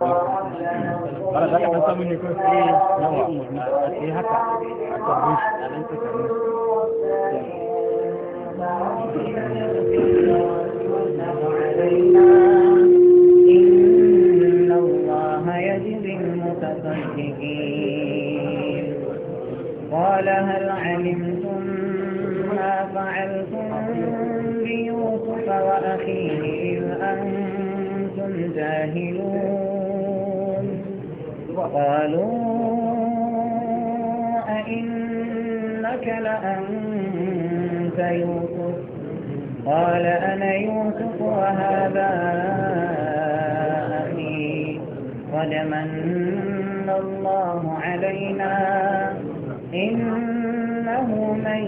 Bara za إن الله يجزي المتصدقين قال هل علمتم ما فعلتم بيوسف وأخيه إذ أنتم جاهلون قالوا أئنك لأنت يوسف قال أنا يوسف وهذا أخي قد من الله علينا إنه من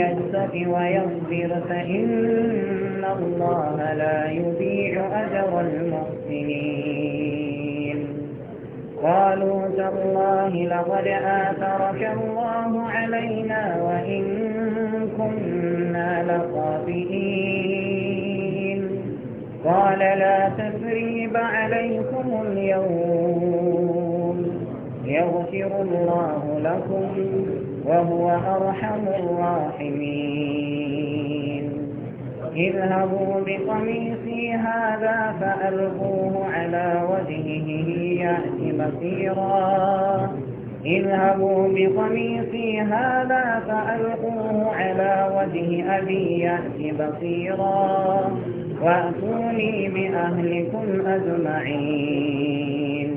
يتق ويصبر فإن الله لا يضيع أجر المحسنين قالوا تالله لقد آثرك الله علينا وإن كنا لخاطئين قال لا تثريب عليكم اليوم يغفر الله لكم وهو أرحم الراحمين اذهبوا بقميصي هذا فألقوه على وجهه يأتي بصيرا اذهبوا بقميصي هذا فألقوه على وجه أبي يأتي بصيرا وأتوني بأهلكم أجمعين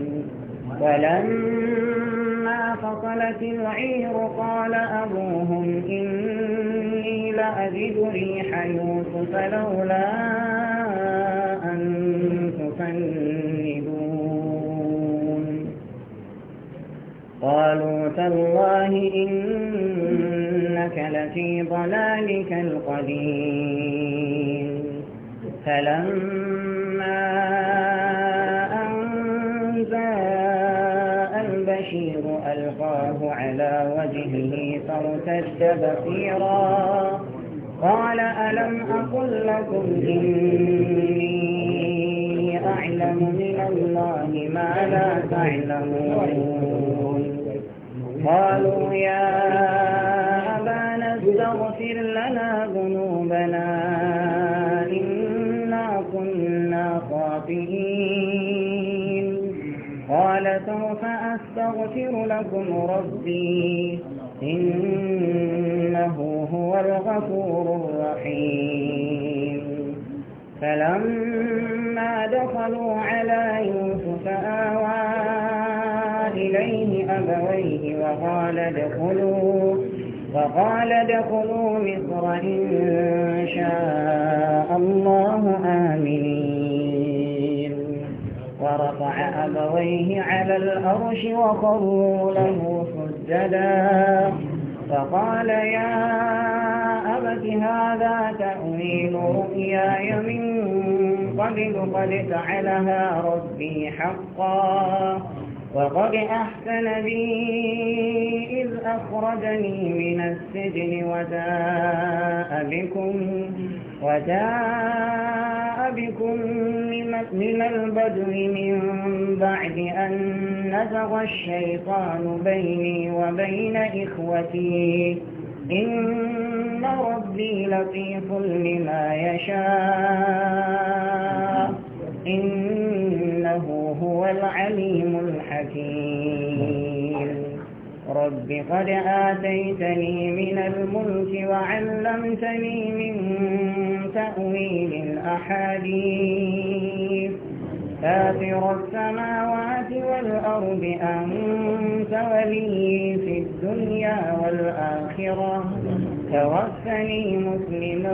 ولما فصلت العير قال أبوهم إن أجد ريح يوسف لولا أن تفندون قالوا تالله إنك لفي ضلالك القديم فلما أن البشير ألقاه على وجهه فارتد بصيرا قال ألم أقل لكم إني أعلم من الله ما لا تعلمون قالوا يا أبانا استغفر لنا ذنوبنا إنا كنا خاطئين قال سوف أستغفر لكم ربي إنه هو الغفور الرحيم فلما دخلوا على يوسف آوى إليه أبويه وقال ادخلوا وقال ادخلوا مصر إن شاء الله آمنين ورفع أبويه على الأرش وقروا له سجداً فقال يا أبت هذا تأويل رؤياي من قبل قد جعلها ربي حقا وقد أحسن بي إذ أخرجني من السجن وجاء بكم, وجاء بكم من البدو من بعد أن نزغ الشيطان بيني وبين إخوتي إن ربي لطيف لما يشاء إن العليم الحكيم رب قد آتيتني من الملك وعلمتني من تأويل الأحاديث فاطر السماوات والأرض أنت ولي في الدنيا والآخرة توفني مسلما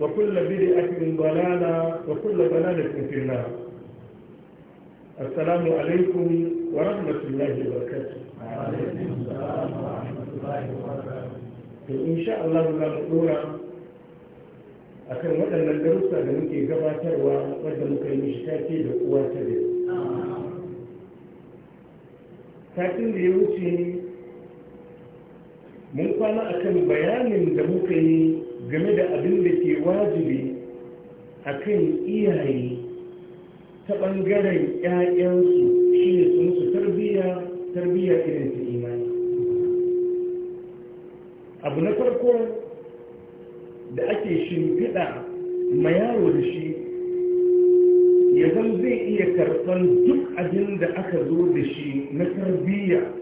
وكل بدعة ضلالة وكل ضلالة في النار السلام عليكم ورحمة الله وبركاته وعليكم السلام ورحمة الله وبركاته إن شاء الله لا مقدورة akan waɗannan darussa da muke gabatarwa wadda muka yi mishikaki da uwa ta da satin da ya wuce mun kwana akan bayanin da muka yi game da abin da ke wajibi a kan iyaye ta ɓangaren 'ya'yansu shi ne su musu tarbiyya tarbiyya irin su imani abu na farko da ake shimfiɗa ma yaro da shi ya zan zai iya karɓar duk abin da aka zo da shi na tarbiyya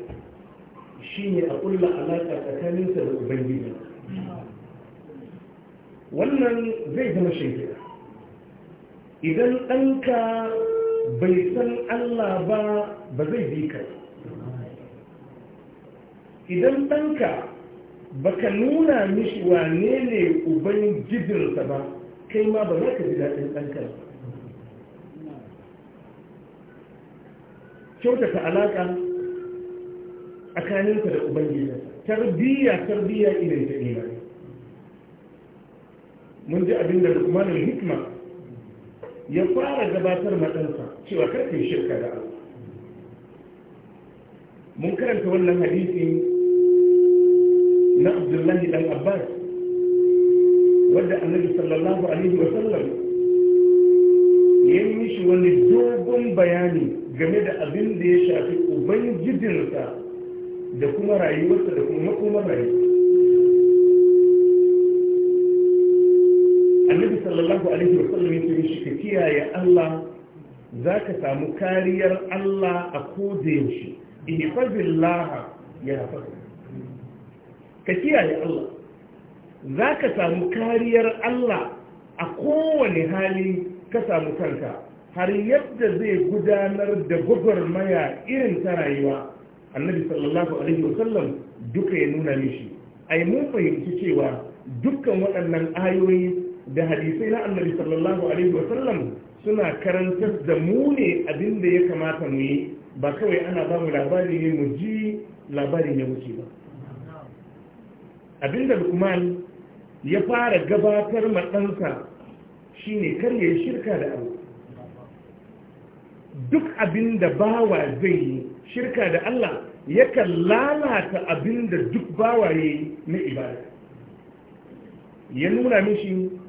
shi ne a ƙulla alaƙa tsakaninsa da ubangiji wannan zai zama shaidar idan ɗanka bai san allah ba ba zai bi ka idan ɗanka baka nuna mishi wane ne ba kai ma ba za ka ji daɗin ɗanka kyautata alaƙa a kaninsa da ubangijinsa tarbiyya tarbiyya idan ta mun ji abin da lukmanin hikma ya fara gabatar maɗansa cewa karfin shirka da Allah mun karanta wannan hadisi na abdullahi dan abbas wadda annabi sallallahu alaihi wa sallam ya yi mishi wani dogon bayani game da abin da ya shafi ubangijinsa da kuma rayuwarsa da kuma makomar rayuwarsa annabi sallallahu alaihi wa sallam yake mishi ka kiyaye Allah zaka samu kariyar Allah a koda yaushe ihfazillah ya hafaza ka kiyaye Allah zaka samu kariyar Allah a kowane hali ka samu kanka har yadda zai gudanar da gwagwarmaya irin ta rayuwa annabi sallallahu alaihi wa sallam duka ya nuna mishi ai mun fahimci cewa dukkan waɗannan ayoyi da hadisai na annabi sallallahu alaihi wasallam suna karantar da mu ne abin da ya kamata mu yi ba kawai ana ba mu labari ne mu ji labari ne wuce ba abin da lukman ya fara gabatar matsansa shine kar ya shirka da abu duk abin da bawa zai yi shirka da Allah yakan lalata abin da duk bawa ya yi na ibada ya nuna mishi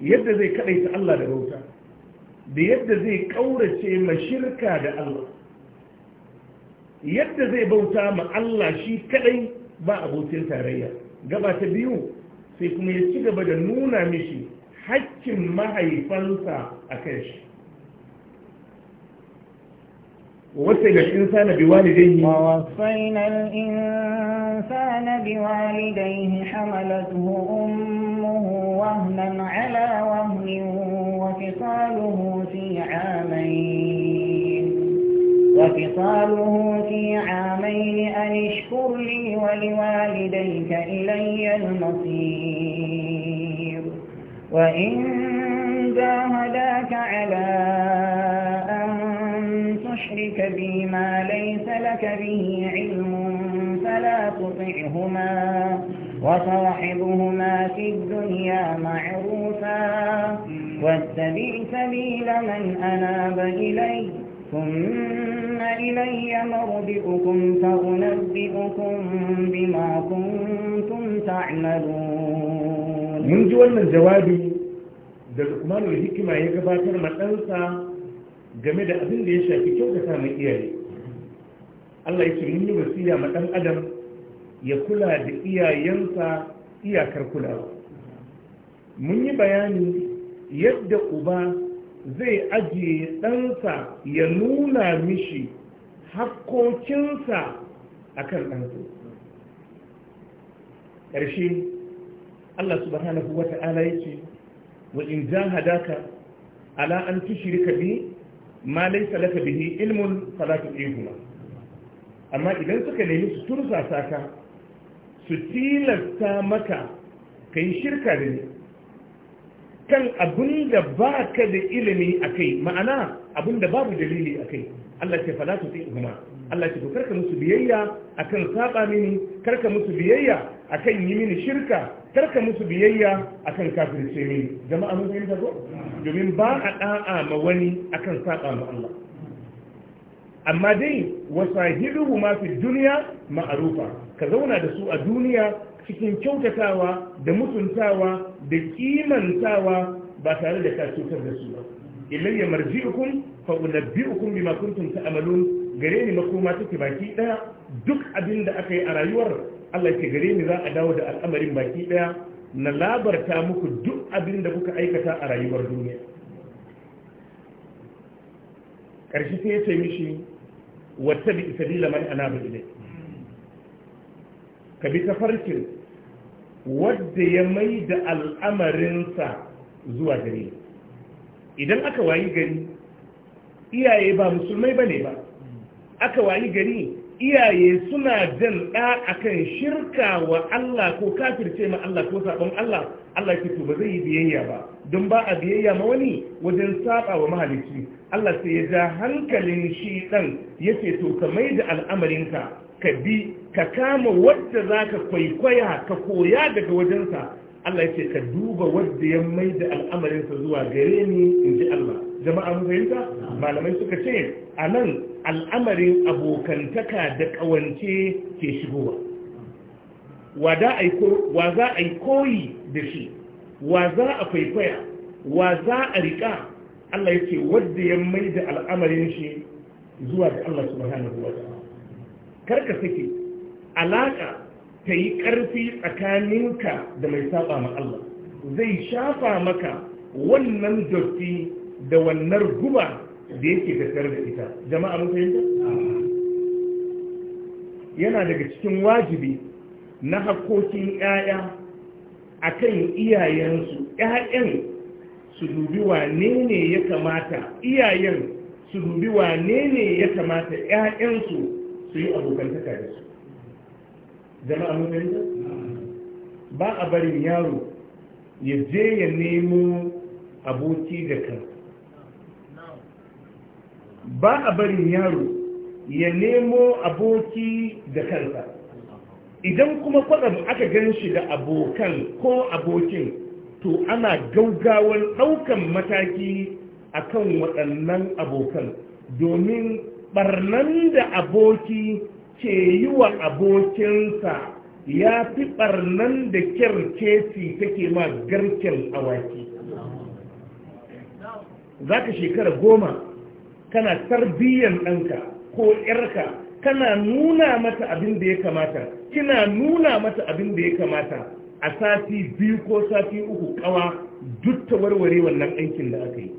yadda zai kadaita Allah da bauta da yadda zai kaurace ma shirka da Allah yadda zai bauta ma Allah shi kadai ba abokin tarayya gaba ta biyu sai kuma ya ci gaba da nuna mishi haƙƙin mahaifansa a kai shi ووصينا الإنسان بوالديه ووصينا الإنسان بوالديه حملته أمه وهنا على وهن وفصاله في عامين وفصاله في عامين أن اشكر لي ولوالديك إلي المصير وإن جاهداك على تشرك بي ما ليس لك به علم فلا تطعهما وصاحبهما في الدنيا معروفا واتبع سبيل من أناب إلي ثم إلي مرضئكم فأنبئكم بما كنتم تعملون من جوال من جوابي ما lukmanul hikima ya gabatar تنسى game da abin da ya shafi kyautata mai iyaye Allah ya ce mun yi wasiya ma ɗan adam ya kula da iyayensa iyakar kulawa mun yi bayani yadda uba zai ajiye ɗansa ya nuna mishi hakkokinsa a kan ɗansa ƙarshe Allah subhanahu wata'ala ala ya ce wa in hadaka ala an tushrika bi ma laisa laka bihi ilmun fala ihuma. amma idan suka nemi su tursa saka su tilasta maka kai shirka da ni kan abin da ba ka da ilimi a kai ma'ana abin da babu dalili a kai Allah ce fala ihuma. Allah ce karka musu biyayya akan saba mini karka musu biyayya akan yi mini shirka karka musu biyayya akan kafirce mini jama'a mun fahimta ko domin ba a da'a ma wani akan saba ma Allah amma dai wasu ma fi duniya ma'arufa ka zauna da su a duniya cikin kyautatawa da mutuntawa da kimantawa ba tare da ka cutar da su ba ilayya marji'ukum fa unabbi'ukum bima kuntum ta'malun gare ni makoma take baki daya duk abin da aka yi a rayuwar Allah ke gare ni za a dawo da al'amarin baki daya na labarta muku duk abin da kuka aikata a rayuwar duniya ƙarshe sai ya ce mishi wata bi mai ana bi ne. ka bi tafarkin wadda ya mai da al'amarinsa zuwa gare idan aka wayi gari iyaye ba musulmai ba ne ba aka wayi gari iyaye suna jan ɗa akan shirka wa Allah ko kafirce ma Allah ko sabon Allah Allah ke to ba zai yi biyayya ba don ba a biyayya ma wani wajen saba wa mahalicci Allah sai ya ja hankalin shi ɗan ya ce to ka mai da al'amarinka ka bi ka kama wadda za ka kwaikwaya ka koya daga wajensa Allah ya ce ka duba wadda ya mai da al'amarinsa zuwa gare ni in ji Allah jama'a mun fahimta malamai suka ce a nan al'amarin abokantaka da ƙawance ke shigowa wa za a yi koyi da shi wa za a faifaya wa za a riƙa Allah ya ce wadda ya mai da al'amarin shi zuwa ga Allah subhanahu wa ta'ala karka sake alaƙa ta yi ƙarfi tsakaninka da mai saba ma Allah zai shafa maka wannan dotti da wannan guba da yake tattare da ita jama'a mun fahimta yana daga cikin wajibi na hakkokin ƴaƴa akan iyayensu ƴaƴan su dubi wane ne ya kamata iyayen su dubi wane ne ya kamata ƴaƴansu su yi abokantaka da su jama'a mun fahimta ba a barin yaro ya je ya nemo aboki da kansa ba a barin yaro ya nemo aboki da kansa idan kuma kwaɗam aka gan shi da abokan ko abokin to ana gaugawan ɗaukan mataki akan waɗannan abokan domin ɓarnan da aboki ke yi wa abokinsa ya fi ɓarnan da kyarkeci take ma garken awaki za ka shekara goma kana tarbiyyar ɗanka ko ƴarka kana nuna mata abin da ya kamata kina nuna mata abin da ya kamata a sati biyu ko sati uku ƙawa duk ta warware wannan aikin da aka yi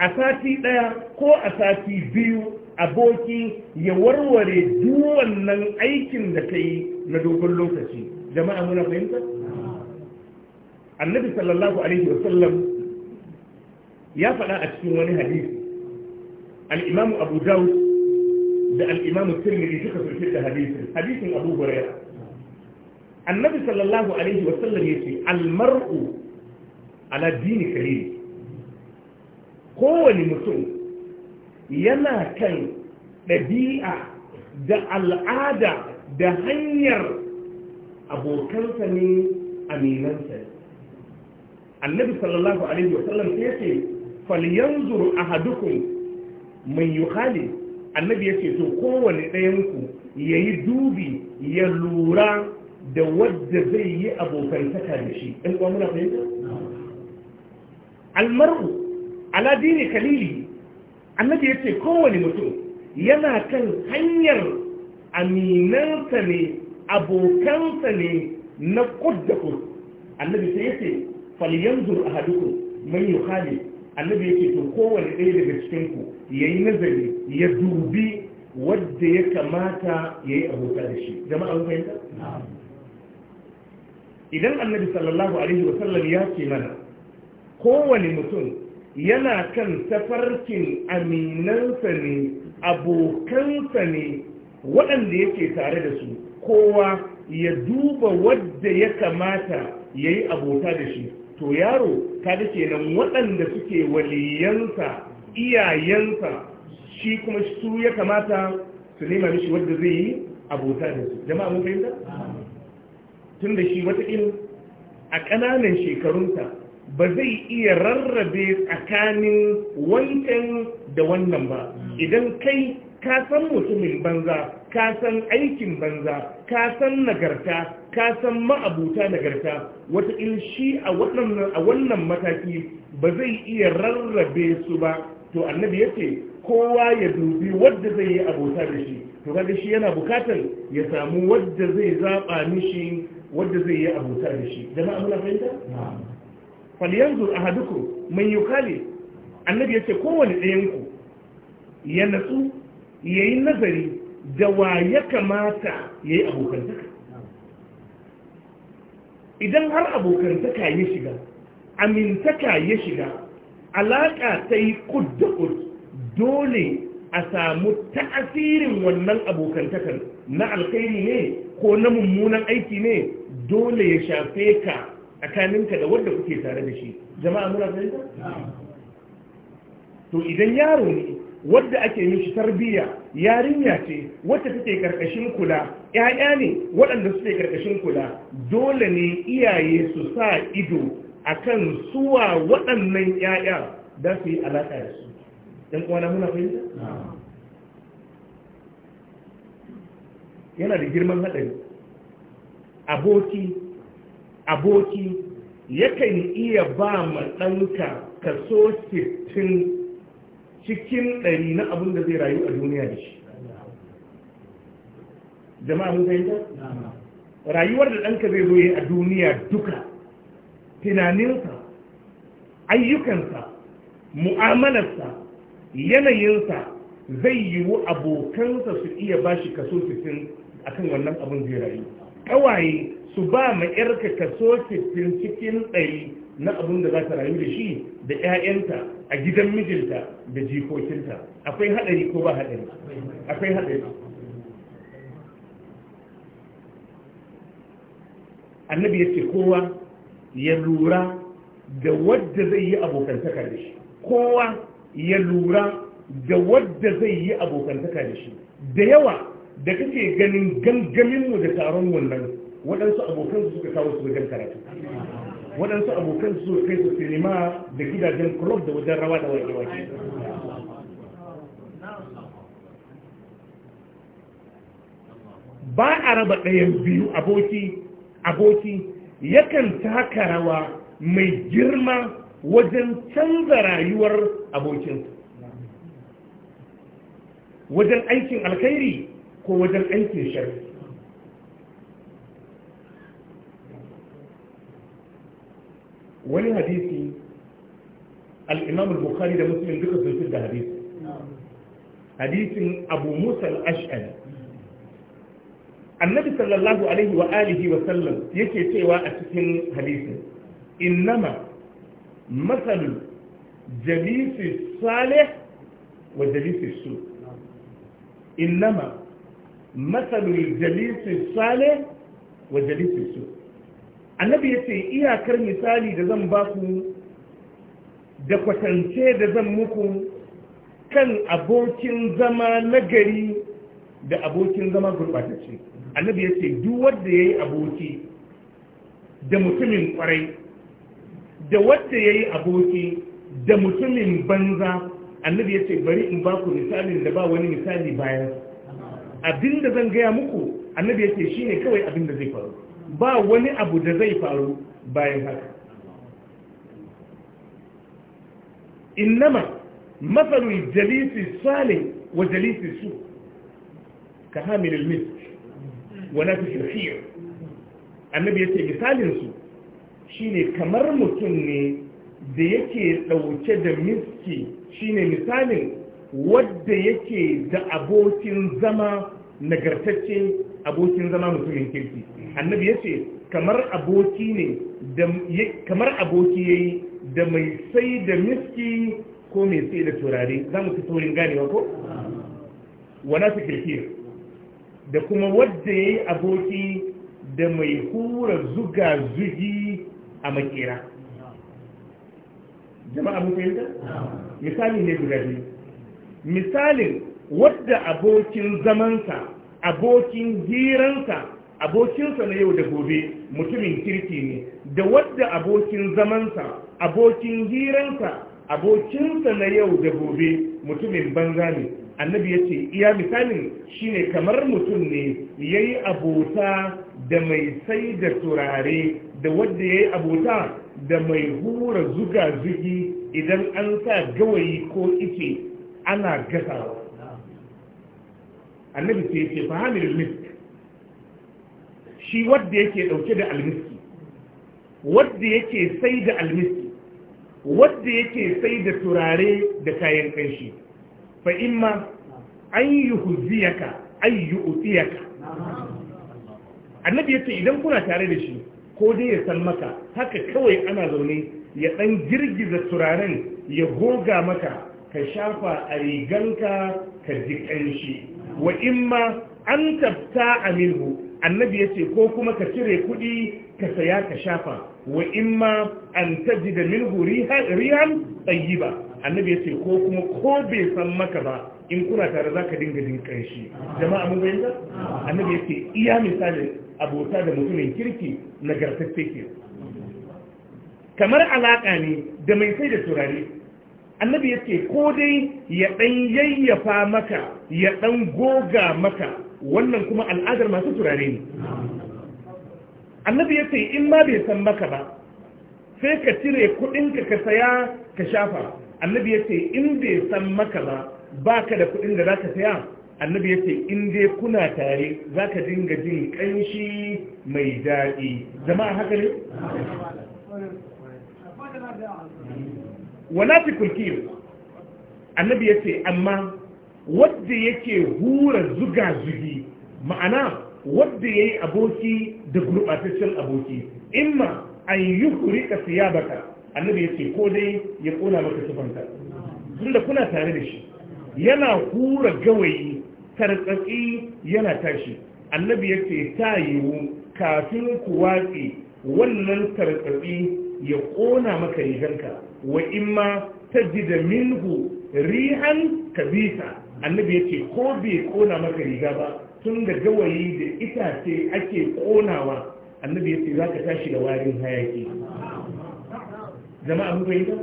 a sati ɗaya ko a sati biyu aboki ya warware duk wannan aikin da ta yi na dogon lokaci jama'a muna fahimta annabi sallallahu alaihi wasallam ya faɗa a cikin wani hadisi al-imamu abu dawud da al-imamu tirmidhi suka surfi da hadisin hadisin abu hurairah annabi sallallahu alaihi wa sallam yace al-mar'u ala dini karim kowane mutum yana kan ɗabi'a da al'ada da hanyar abokansa ne aminansa annabi sallallahu alaihi wa sallam sai yace falyanzuru ahadukum man yukhali annabi yace to kowane ɗayan ku yayi dubi ya lura da wadda zai yi abokantaka da shi ɗan uwa muna fahimta almaru ala dini Kalili, annabi yace kowane mutum yana kan hanyar aminansa ne abokansa ne na kudda annabi sai yace falyanzuru ahadukum man yukhali annabi yake to kowane ɗaya daga cikin ku yi nazari ya dubi wadda ya kamata ya yi abota da shi jama'a an fahimta idan annabi sallallahu alaihi wa sallam ya ce mana kowane mutum yana kan tafarkin aminansa ne abokansa ne waɗanda yake tare da su kowa ya duba wadda ya kamata ya yi abota da shi to yaro kada kenan waɗanda suke waliyansa iyayensa shi kuma su ya kamata su nema mishi wadda zai yi abota da su jama'a mun fahimta tun da shi wataƙil a ƙananan shekarunta, ba zai iya rarrabe tsakanin wancan da wannan ba idan kai ka san mutumin banza ka san aikin banza ka san nagarta ka san ma'abuta nagarta wata shi a wannan mataki ba zai iya rarrabe su ba to annabi ya ce kowa ya dubi wadda zai yi abota da shi to kaga shi yana bukatar ya samu wadda zai zaɓa mishi wadda zai yi abota da shi jama'a muna fahimta falyanzu ahadukum man yukali annabi ya ce kowane ɗayan ku ya natsu yi nazari da wa ya kamata ya yi abokantaka idan har abokantaka ya shiga amintaka ya shiga alaƙa ta yi kuddu'ud dole a samu ta'asirin wannan abokantakar na alkhairi ne ko na mummunan aiki ne dole ya shafe ka tsakaninka da wadda kuke tare da shi jama'a muna fahimta to idan yaro ne wadda ake mishi tarbiyya yarinya ce wadda take karkashin kula ƴaƴa ne waɗanda suke karkashin kula dole ne iyaye su sa ido akan suwa waɗannan ƴaƴa da su yi alaƙa da su ɗan uwana muna fahimta yana da girman haɗari aboki aboki yakan iya ba ma ɗanka kaso cikin ɗari na abin da zai rayu a duniya da shi jama'a mun fahimta rayuwar da ɗanka zai zo yi a duniya duka tunaninsa ayyukansa mu'amalarsa yanayinsa zai yiwu abokansa su iya ba shi kaso a akan wannan abin zai rayu ƙawaye su ba ma 'yarka kaso cikin ɗari na abin da za ta rayu da shi da 'ya'yanta a gidan mijinta da jikokinta akwai haɗari ko ba haɗari akwai haɗari annabi ya ce kowa ya lura da wadda zai yi abokantaka da shi kowa ya lura da wadda zai yi abokantaka da shi da yawa da kake ganin gangaminmu da taron wannan waɗansu abokansu suka kawo su wajen karatu waɗansu abokan su kai su sinima da gidajen club da wajen rawa da wajen wake ba a raba ɗayan biyu aboki aboki yakan taka rawa mai girma wajen canza rayuwar abokinsa wajen aikin alkhairi ko wajen aikin shari'a wani hadisi al-imam al-bukhari da muslim duka sun fi da hadisi hadisin abu musa al-ash'ari annabi sallallahu alaihi wa alihi wa sallam yake cewa a cikin hadisin innama masalu jalisi salih wa jalisi su innama masalu jalisi salih wa jalisi su annabi ya ce iyakar misali da zan ba ku da kwatance da zan muku kan abokin zama nagari da abokin zama gurbatacce annabi ya ce duk wanda ya yi aboki da mutumin kwarai da wanda ya yi aboki da mutumin banza annabi ya ce bari in ba ku misalin da ba wani misali bayan abinda zan gaya muku annabi ya ce shine kawai abinda zai faru ba wani abu da zai faru bayan haka innama matsalul jalisi sale wa jalisi su ka hamilin misk wana fi shafiyar annabi ya ce misalinsu shi ne kamar mutum ne da yake ɗauke da miski Shi ne misalin wadda yake da abokin zama nagartacce abokin zama mutumin kirki annabi ya ce kamar aboki ne kamar aboki ya yi da mai sai da miski ko mai sai da turare za mu fi saurin ganewa ko? wana su kirkir da kuma wadda ya yi aboki da mai hura zuga zugi a makera jama'a mun fahimta? misali ne guda biyu misalin wadda abokin zamansa abokin hiransa abokinsa na yau da gobe mutumin kirki ne da wadda abokin zamansa abokin hiransa abokinsa na yau da gobe mutumin banza ne annabi ya ce iya misalin shine kamar mutum ne ya yi abota da mai sai da turare da wadda ya yi abota da mai hura zuga zugi idan an sa gawayi ko ice ana gasawa annabi ce, ce fahimil misk shi wadda yake dauke da almiski wadda yake sai da almiski wadda yake sai da turare da kayan kanshi fa imma an yi huziyaka an yi utiyaka annabi yace idan kuna tare da shi ko dai ya san maka haka kawai ana zaune ya dan girgiza turaren ya goga maka ka shafa a riganka ka ji kanshi wa imma an tabta aminhu annabi ya ce ko kuma ka cire kuɗi ka saya ka shafa wa imma an taji da milhu rihan tsayi ba annabi ya ce ko kuma ko bai san maka ba in kuna tare za ka dinga jin ƙanshi jama'a mun bayyana annabi ya ce iya misalin abota da mutumin kirki nagartacce ke kamar alaƙa ne da mai sai da turare annabi ya ce ko dai ya ɗan yayyafa maka ya ɗan goga maka wannan kuma al'adar masu turare ne annabi ya ce in ma bai san maka ba sai ka cire kudinka ka saya ka shafa annabi ya ce in bai san maka ba ba ka da kudin da za ka saya annabi ya ce in dai kuna tare za ka dinga jin kanshi mai daɗi jama'a haka ne? wala fi kulkiyo annabi ya ce amma wadda yake hura zuga-zugi ma'ana wadda ya yi aboki da gurɓataccen aboki imma an yi kuri ka siya baka annabi ya ce ko dai ya ƙona maka tun tunda kuna tare da shi yana hura gawayi tarkatsi yana tashi annabi ya ce ta yiwu kafin ku watsi wannan tarkatsi ya ƙona maka riganka wa imma ta ji da minhu rihan kabisa annabi ya ce ko bai kona maka riga ba tun da gawayi da itace ake konawa annabi ya ce za ka tashi da warin hayaki jama'a mun fahimta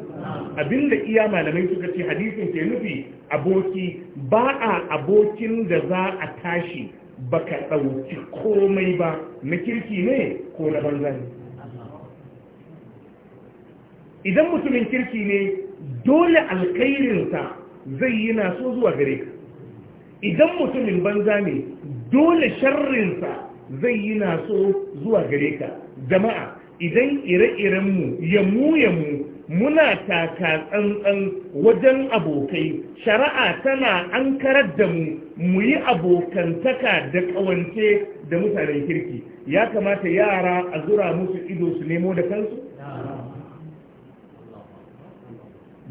abinda iya malamai suka ce hadisin ke nufi aboki ba a abokin da za a tashi ba ka ɗauki komai ba na kirki ne ko na banza idan mutumin kirki ne dole alkhairinsa zai yi naso zuwa gare ka idan mutumin banza ne dole sharrinsa zai yi naso zuwa gare ka jama'a idan ire-irenmu yamu-yamu muna taka tsantsan wajen abokai shari'a tana an karar da mu mu yi abokantaka da ƙawance da mutanen kirki ya kamata yara a zura musu ido su nemo da kansu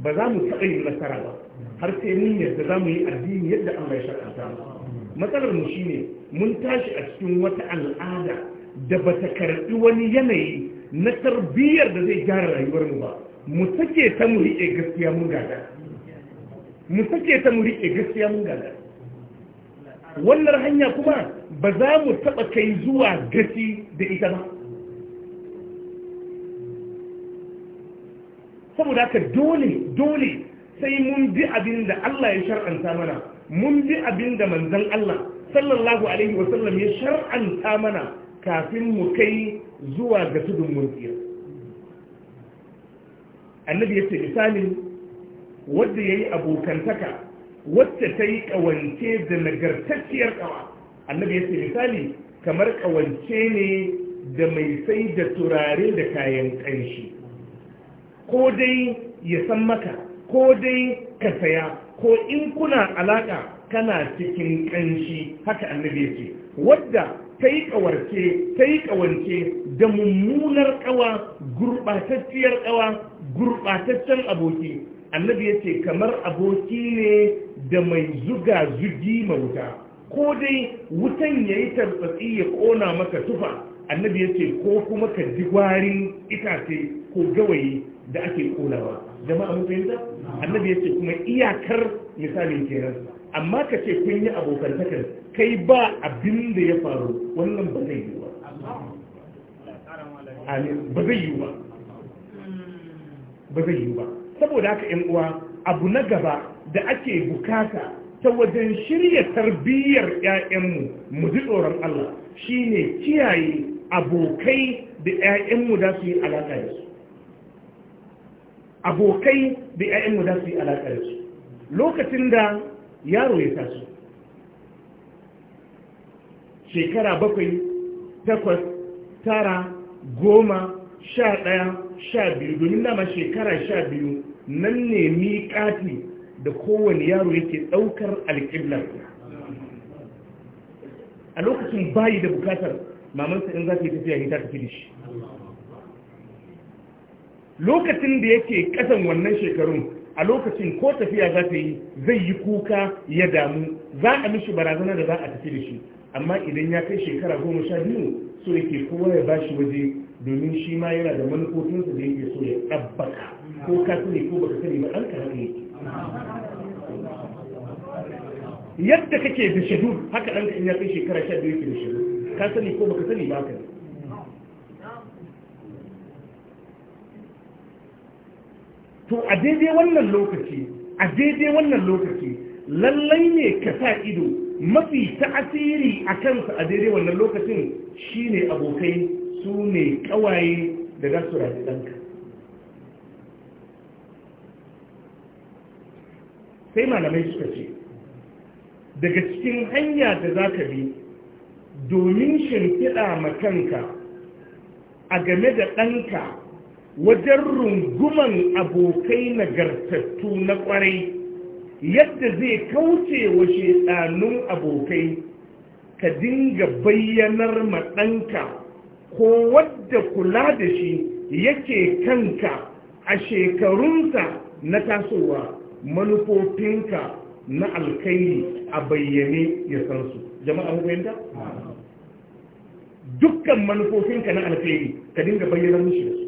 ba za mu taɓa yin nasara ba har sai mun yadda za mu yi addini yadda Allah ya shar'anta matsalar mu shine mun tashi a cikin wata al'ada da ba ta karɓi wani yanayi na tarbiyyar da zai gyara rayuwar mu ba mu sake ta mu riƙe gaskiya mun gada mu sake ta mu riƙe gaskiya mun gada wannan hanya kuma ba za mu taɓa kai zuwa gasi da ita ba saboda haka dole dole sai mun bi abin da Allah ya shar'anta mana mun bi abin da manzon Allah sallallahu alaihi wasallam ya shar'anta mana kafin mu kai zuwa ga tudun murtiya annabi ya ce misalin wadda ya yi abokantaka wacce ta yi ƙawance da nagartacciyar ƙawa annabi yace misali kamar ƙawance ne da mai sai da turare da kayan ƙanshi ko dai ya san maka ko dai ka saya ko in kuna alaƙa kana cikin ƙanshi, haka annabi ya ce wadda ta yi kawarce ta yi kawance da mummunar ƙawa, gurɓatacciyar ƙawa, gurɓataccen aboki annabi ya ce kamar aboki ne da mai zuga zugi ma wuta ko dai wutan ya yi tartsatsi ya ƙona maka tufa annabi ya ce ko kuma ka ji gwarin itace ko gawayi da ake kolawa jama'a mun fahimta annabi ya kuma iyakar misalin kenan amma ka kun yi abokantakar kai ba abin da ya faru wannan ba zai yi ba ba zai yi ba ba zai yi ba saboda haka yan uwa abu na gaba da ake bukata ta wajen shirya tarbiyyar 'ya'yanmu mu ji tsoron Allah shine kiyaye abokai da 'ya'yanmu za su yi alaka da su abokai da 'ya'yanmu za su yi alaƙa da su lokacin da yaro ya taso shekara bakwai takwas tara goma sha ɗaya sha biyu domin dama shekara sha biyu nan ne miƙati da kowane yaro yake ɗaukar alƙiblar a lokacin bayi da bukatar mamansa in za ta yi tafiya ne ta tafi da shi lokacin da yake kasan wannan shekarun a lokacin ko tafiya za ta yi zai yi kuka ya damu za a mishi barazana da za a tafi da shi amma idan ya kai shekara goma sha biyu so yake kowa ya ba shi waje domin shi ma yana da manufofinsa da yake so ya ɗabbaka ko ka sani ko baka sani ba ɗan ka haka yake yadda kake da shaidu haka ɗan ka in ya kai shekara sha biyu yake da shaidu ka sani ko baka sani ba haka ne to a daidai wannan lokaci a daidai wannan lokaci lallai ne ka sa ido mafi ta'asiri a kansa a daidai wannan lokacin shi ne abokai su ne kawaye da za su rafi ɗanka sai malamai suka ce daga cikin hanya da za ka bi domin shimfiɗa makanka a game da ɗanka wajen runguman abokai nagartattu na kwarai yadda zai kauce wa shedanun abokai ka dinga bayyanar maɗanka ko wadda kula da shi yake kanka a shekarunsa na tasowa manufofinka na alkairi a bayyane ya san su jama'a hukunta? dukkan manufofinka na alkairi ka dinga bayyanar mishi da su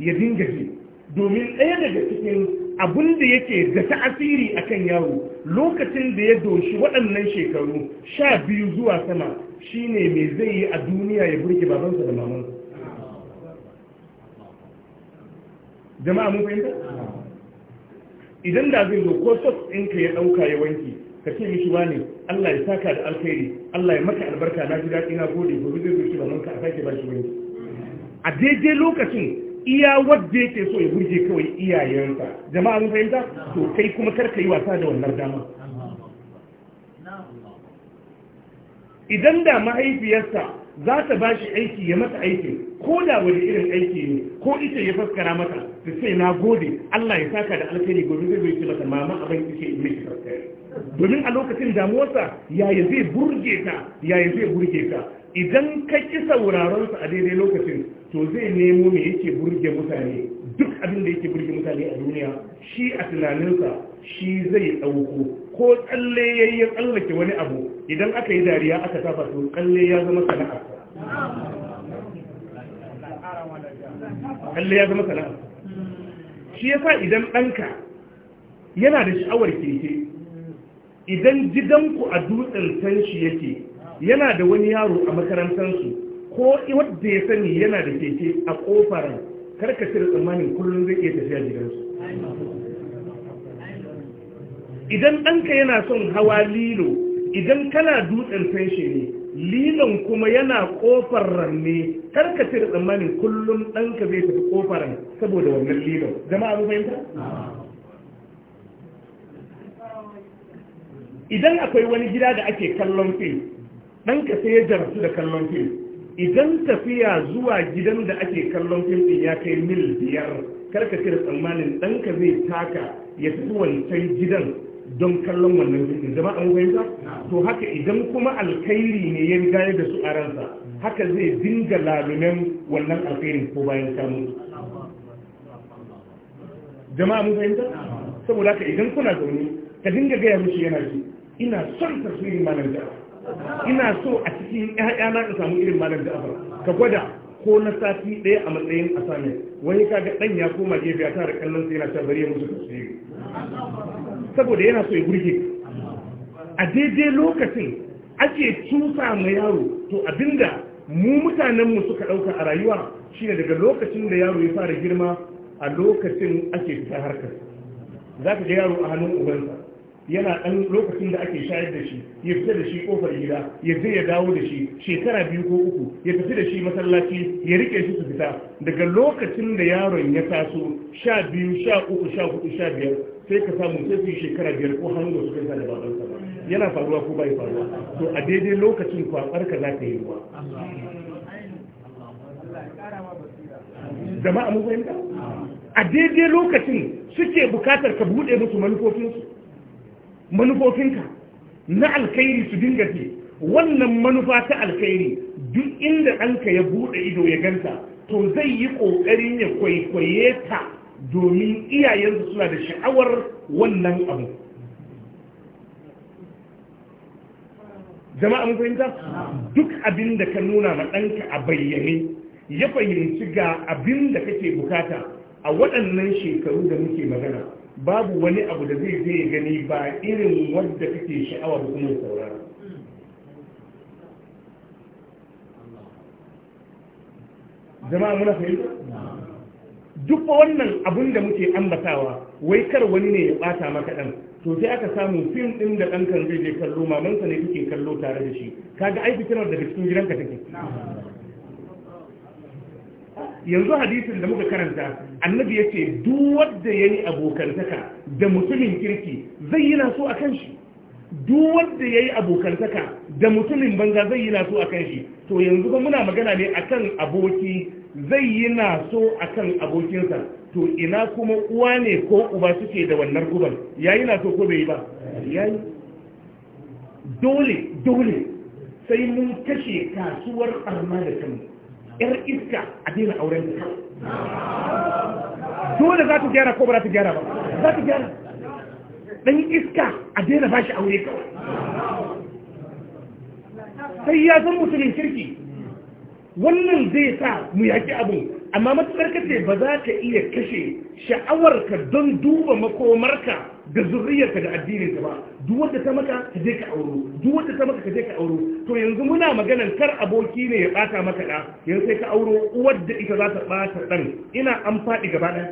ya dinga ji domin ɗaya daga cikin abin da yake da ta'asiri a kan yawo lokacin da ya doshi waɗannan shekaru sha biyu zuwa sama shi ne mai zai yi a duniya ya burge babansa da mamansa jama'a mun fahimta idan da zai zo ko sos ɗinka ya ɗauka ya wanki ka ce mishi wani Allah ya saka da alkhairi Allah ya maka albarka na ji daɗi na gode gobe zai zo shi ba ka a sake ba shi wanki a daidai lokacin iya wadda yake so ya burge kawai iyayensa jama'a mun fahimta to kai kuma kar ka yi wasa da wannan dama idan da mahaifiyarsa za ta ba shi aiki ya mata aiki ko da wani irin aiki ne ko ita ya faskara mata ta ce na gode Allah ya saka da alkhairi gobe zai zai ce mata mama abin kike in miki domin a lokacin damuwarsa yaya zai burge ta yaya zai burge ka idan ka kisa sauraron a daidai lokacin to zai nemo me yake burge mutane duk abin da yake burge mutane a duniya shi a tunaninsa shi zai ɗauko ko tsalle ya yi tsallake wani abu idan aka yi dariya aka tafa to tsalle ya zama sana'a tsalle ya zama sana'a shi yasa idan ɗanka yana da sha'awar keke idan gidanku a dutsen tanshi yake yana da wani yaro a makarantarsu ko wadda ya sani yana da keke a kofar karka cire tsammanin kullum zai iya tafiya gidansu idan ɗanka yana son hawa lilo idan kana dutsen fenshi ne lilon kuma yana kofar ranne karka cire tsammanin kullum ɗanka zai tafi kofar saboda wannan lilon jama'a mu fahimta idan akwai wani gida da ake kallon fil ɗanka sai ya jarsu da kallon fil idan tafiya zuwa gidan da ake kallon fim din ya kai mil biyar karka kira tsammanin ɗanka zai taka ya tafi wancan gidan don kallon wannan fim din zama an fahimta to haka idan kuma alkhairi ne ya riga da su a ransa haka zai dinga lalumen wannan alkhairin ko bayan samu jama'a mun fahimta saboda haka idan kuna zaune ka dinga gaya mishi yana ji ina son taswirin malam jama'a ina so a cikin ƴaƴana ka samu irin malam abar. ka gwada ko na sati ɗaya a matsayin sami wani kaga ɗan ya koma gefe ya tara kallon sai yana ta bari musu tafsiri saboda yana so ya burge a daidai lokacin ake tusa ma yaro to abinda mu mutanenmu suka ɗauka a rayuwa shine daga lokacin da yaro ya fara girma a lokacin ake fita harkar za ka ga yaro a hannun ubansa yana ɗan lokacin da ake shayar da shi ya fita da shi kofar gida ya je ya dawo da shi shekara biyu ko uku ya tafi da shi masallaci ya rike shi su fita daga lokacin da yaron ya taso sha biyu sha uku sha hudu sha biyar sai ka samu sai su shekara biyar ko hannu da su kai da babansa ba yana faruwa ko bai faruwa to a daidai lokacin kwakwar ka za ta yi ruwa jama'a mu fahimta a daidai lokacin suke bukatar ka buɗe musu manufofinsu manufofinka na alkhairi su dinga ce wannan manufa ta alkhairi duk inda ɗanka ya buɗe ido ya ganta to zai yi ƙoƙarin ya kwaikwaye ta domin iyayensu suna da sha'awar wannan abu jama'a mun fahimta duk abin da ka nuna ma ɗanka a bayyane ya fahimci ga abin da kake bukata a waɗannan shekaru da muke magana babu wani abu da zai zai gani ba irin wadda kake da kuma saurara zama muna fahimta duk wannan abun da muke ambatawa wai kar wani ne ya ɓata maka ɗan, to sai aka samu fim ɗin da dan kan zai je kallo mamansa ne kake kallo tare da shi kaga ai fitinar daga cikin gidanka take yanzu hadisin da muka karanta annabi ya ce duk wanda ya yi abokantaka da mutumin kirki zai yi naso a kan shi duk wanda ya yi abokantaka da mutumin banza zai yi naso a kan shi to yanzu ba muna magana ne akan aboki zai yi naso a kan abokinsa to ina kuma uwa ne ko uba suke da wannan guban ya yi naso ko bai ba ya dole dole sai mun kashe kasuwar arma da kanmu yar iska a daina auren ta dole za ta gyara ko ba za ta gyara ba za ta gyara dan iska a daina ba shi aure kawai sai ya san mutumin kirki wannan zai sa mu yaki abu amma matuƙar kace ba za ka iya kashe sha'awarka don duba makomarka da zurriyarka da addininka ba duk wanda ta maka ka je ka auro duk wanda ta maka ka je ka auro to yanzu muna maganar kar aboki ne ya bata maka da yanzu sai ka auro uwar da ita za ta bata dan ina an faɗi gaba ɗaya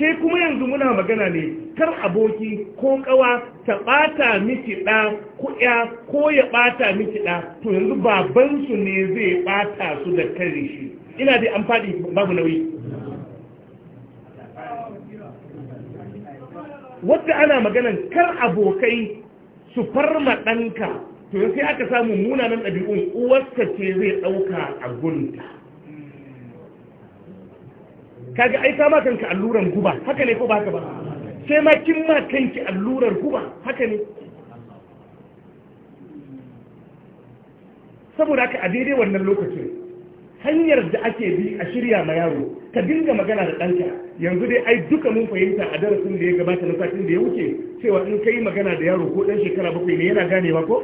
sai kuma yanzu muna magana ne kar aboki ko kawa ta bata miki da ko ya ko ya bata miki da to yanzu babansu ne zai bata su da kare shi ina da an faɗi babu nauyi wadda ana maganan kar abokai su farma ɗanka to sai aka samu munanan ɗabi'un uwarsa ce zai ɗauka a gunta kaga ai ma kanka alluran guba haka ne ko ba haka ba sai ma kin ma kanki allurar guba haka ne saboda haka a daidai wannan lokacin hanyar da ake bi a shirya ma yaro ka dinga magana da ɗanka yanzu dai ai duka mun fahimta a darasin da ya gabata na satin da ya wuce cewa in ka yi magana da yaro ko ɗan shekara bakwai ne yana ganewa ko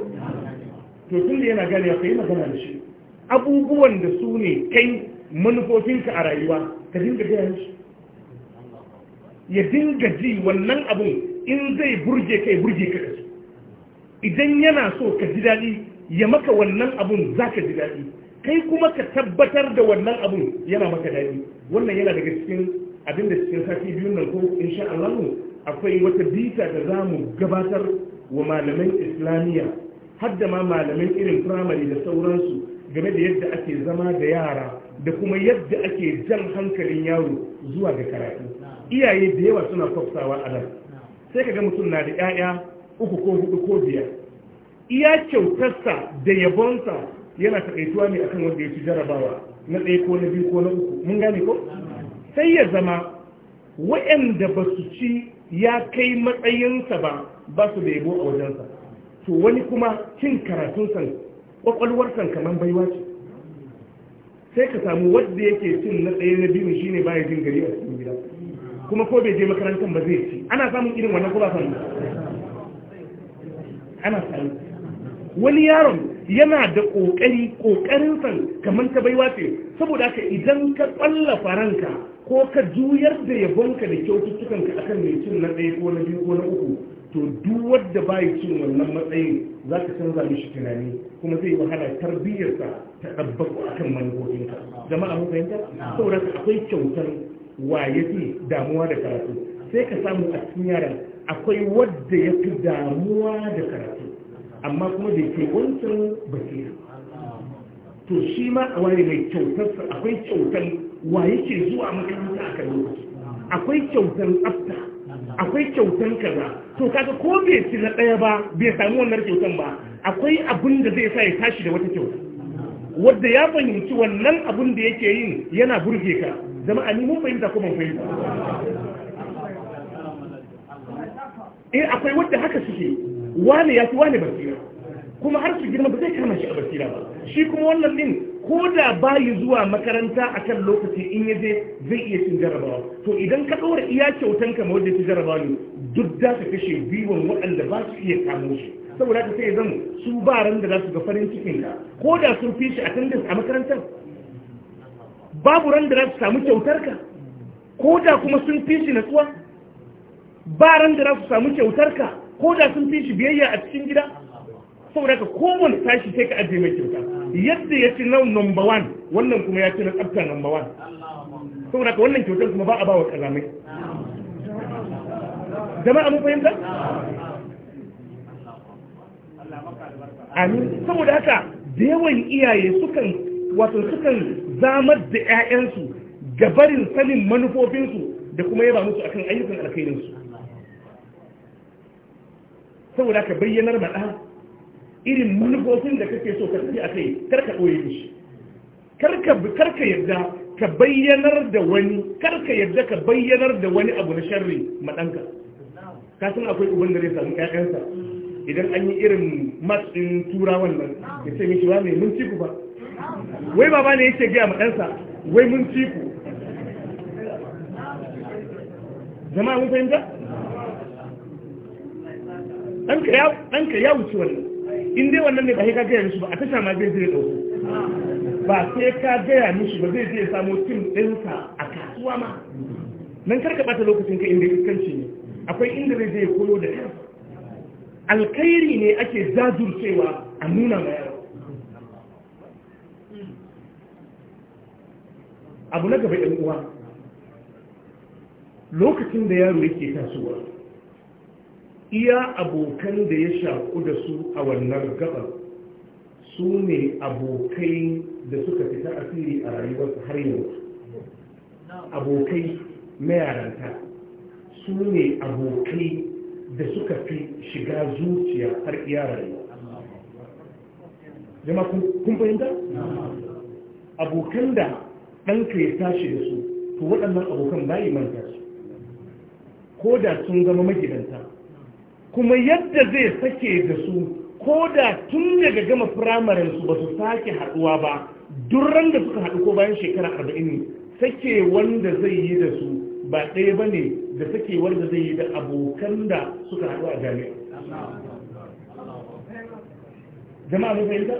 to tun da yana ganewa ka yi magana da shi abubuwan da su ne kai manufofinka a rayuwa ka dinga gaya shi ya dinga ji wannan abun in zai burge kai burge ka idan yana so ka ji daɗi ya maka wannan abun za ka ji daɗi kai kuma ka tabbatar da wannan abun yana maka daɗi wannan yana daga cikin abin da cikin sati biyun nan ko sha Allah akwai wata bita da za mu gabatar wa malaman islamiyya har da ma malaman irin firamare da sauransu game da yadda ake zama da yara da kuma yadda ake jan hankalin yaro zuwa ga karatu iyaye da yawa suna kwafsawa a nan sai ka ga mutum na da 'ya'ya uku ko hudu ko biyar iya kyautarsa da yabonsa yana taƙaituwa ne akan wanda ya ci jarabawa na ɗaya ko na biyu ko na uku mun gane ko sai ya zama waɗanda ba su ci ya kai matsayinsa ba ba su da yabo a wajensa to wani kuma cin karatunsa san kamar baiwa ce sai ka samu wadda yake cin na ɗaya na biyu shine baya jin gari a cikin gida kuma ko bai je makarantar ba zai ci ana samun irin wannan kuma ba ana samun. wani yaron yana da kokari kokarin san kamar ta baiwa ce saboda ka idan ka tsalla faranka ko ka juyar da yabonka da kyaututtukan ka akan mai cin na ɗaya ko na biyu ko na uku to duk wanda bai cin wannan matsayin za ka canza mishi tunani kuma zai wahala tarbiyyarsa ta ɗabbaku akan manufofinka jama'a mun fahimta saboda akwai kyautar waye fi damuwa da karatu sai ka samu a cikin yaran akwai wadda ya fi damuwa da karatu amma kuma bai ke wancan basira to shi ma a ware mai kyautarsa akwai kyautar wa yake zuwa makaranta a kan lokaci akwai kyautar tsafta akwai kyautar kaza to kaga ko bai ci na ɗaya ba bai samu wannan kyautar ba akwai abin da zai sa ya tashi da wata kyauta wadda ya fahimci wannan abin da yake yin yana burge ka zama ni mun fahimta ko ban fahimta eh akwai wanda haka suke wani ya fi wani basira kuma har su girma ba zai kama shi a basira ba shi kuma wannan din ko da bayi zuwa makaranta a kan lokaci in ya je zai iya cin jarabawa to idan ka ɗora iya kyautan ka wanda ya jarabawa ne duk za ka kashe biwon waɗanda ba su iya kamo shi saboda ka sai zan su ba ran da za su ga farin cikin ka ko da sun fi shi attendance a makarantar babu ran da za su samu kyautar ka ko da kuma sun fi shi natsuwa ba ran da za su samu kyautar ka ko da sun fi shi biyayya a cikin gida saboda ka kowane tashi sai ka ajiye mai kyauta yadda ya ci na number one wannan kuma ya ci na tsafta number one saboda ka wannan kyautar kuma ba a bawa kazamai jama'a mun fahimta amin saboda haka da yawan iyaye sukan wato sukan zamar da 'ya'yansu gabarin sanin manufofinsu da kuma yaba musu akan ayyukan alkhairinsu saboda ka bayyanar maɗa ɗan irin manufofin da kake so ka tafi a kai karka ɓoye shi karka yadda ka bayyanar da wani karka yadda ka bayyanar da wani abu na sharri maɗanka. ka san akwai uban da zai samu ƴaƴansa idan an yi irin matsin turawan nan ya ce mishi wa mai mun ci ku ba wai baba ne yake gaya ma ɗansa wai mun ci ku zama mun fahimta ɗanka ya wuce wannan in dai wannan ne ba sai ka gaya musu ba a tasha ma zai zai ɗauko ba sai ka gaya musu ba zai je samo tim ɗinsa a kasuwa ma nan karka ɓata lokacin ka inda iskanci ne akwai inda zai zai koyo da kansa alkhairi ne ake jajircewa a nuna ma yaro abu na gaba ɗan uwa lokacin da yaro yake tasowa iya abokan da ya shaku da su a wannan gabar su ne abokai da suka fita asiri a rayuwarsu har yanzu abokai mayaranta su ne abokai da suka fi shiga zuciya har iya rayuwa kun fahimta abokan da ɗanka ya tashi da su to waɗannan abokan bayi manta su ko da sun zama magidanta kuma yadda zai sake da su ko da tun daga gama firamarin su ba su sake haduwa ba duran da suka haɗu ko bayan shekara arba'in sake wanda zai yi da su ba ɗaya ba ne da sake wanda zai yi da abokan da suka haɗu a jami'a jama'a mun fahimta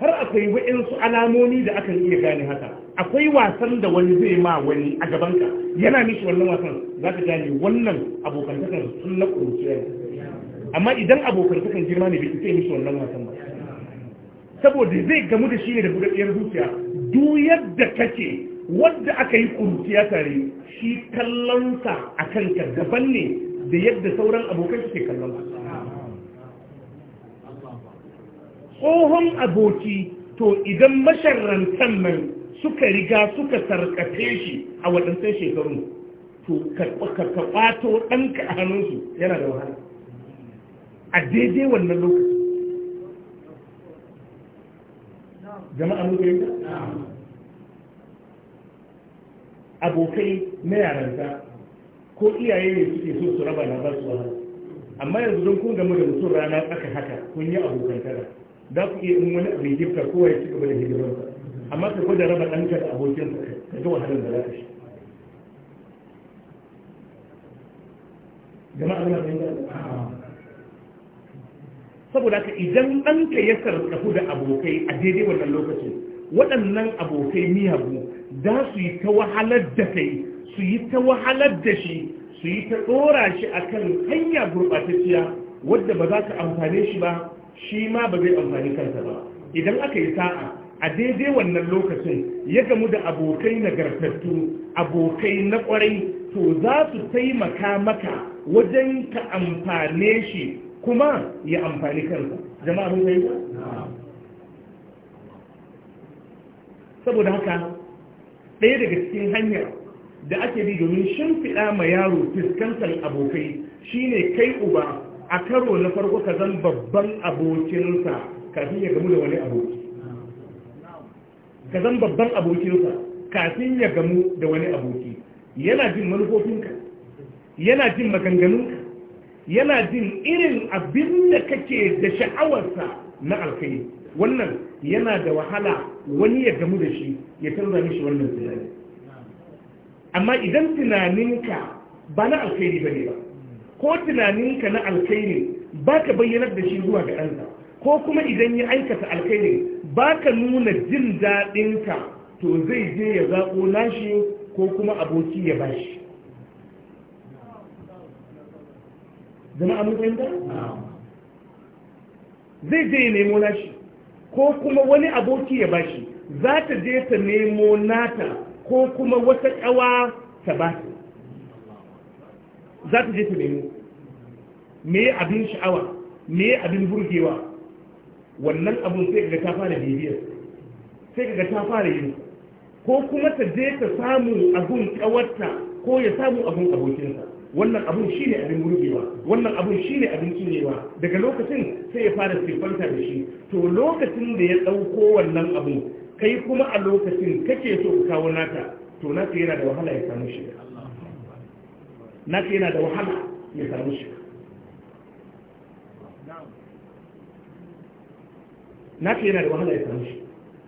har akwai su alamomi da akan iya gane haka akwai wasan da wani zai ma wani a gabanka yana mishi wannan wasan za ka gane wannan abokantakar sun na kuruciya. amma idan abokantakar girma ne bai mishi wannan wasan ba saboda zai gamu da shi ne da buɗaɗɗiyar zuciya duk yadda kake wadda aka yi kuruciya tare shi kallonsa a kanka daban ne da yadda sauran abokan suke kallon tsohon aboki to idan masharrantan nan suka riga suka sarkace shi a waɗansan shekaru to ka kwato ɗanka a hannunsu yana da wahala a daidai wannan lokaci jama'a muke abokai na yaranta ko iyaye ne suke so su raba na ba su wahala amma yanzu don kun gamu da mutum rana aka haka kun yi abokantara za ku iya in wani abin gifta kowa ya ci gaba da hidimarsa amma ka kwada raba ɗanka da abokin ka ga wahalar da za ka shi jama'a na fahimta saboda ka idan ɗanka ya sarkafu da abokai a daidai wannan lokacin waɗannan abokai miyagu za su yi ta wahalar da kai su yi ta wahalar da shi su yi ta ɗora shi a kan hanya gurɓatacciya wadda ba za ka amfane shi ba shi ma ba zai amfani kansa ba idan aka yi sa'a a daidai wannan lokacin ya gamu da abokai nagartattu abokai na kwarai to za su taimaka maka wajen ka amfane shi kuma ya amfani kansa jama'a mun yi saboda haka ɗaya daga cikin hanyar da ake bi domin shimfiɗa ma yaro fuskantar abokai shine kai uba a karo na farko ka zan babban abokinsa kafin ya gamu da wani aboki ka zan babban abokinsa kafin ya gamu da wani aboki yana jin manufofinka yana jin maganganunka yana jin irin abin da kake da sha'awarsa na alkhairi wannan yana da wahala wani ya gamu da shi ya canza mishi wannan tunani amma idan tunaninka ba na alkhairi bane ba ko tunaninka na alkhairi ba ka bayyanar da shi zuwa ga ɗansa ko kuma idan ya aikata alkhairi ba ka nuna jin daɗinka to zai je ya zaɓo nashi ko kuma aboki ya bashi zama an fahimta? zai je ya nemo nashi ko kuma wani aboki ya bashi za ta je ta nemo nata ko kuma wata ƙawa ta bata za ta je ta nemo me abin sha'awa me abin burgewa wannan abun sai ga ta fara bibiyar sai ga ta fara yin ko kuma ta je ta samu abun kawarta ko ya samu abun abokinsa wannan abun shi ne abin murgewa wannan abun shi ne abin cinyewa daga lokacin sai ya fara siffanta da shi to lokacin da ya ɗauko wannan abun kai kuma a lokacin kake so ka kawo naka to naka yana da wahala ya samu shi naka yana da wahala ya samu shi na ce yana da wahala ya samu shi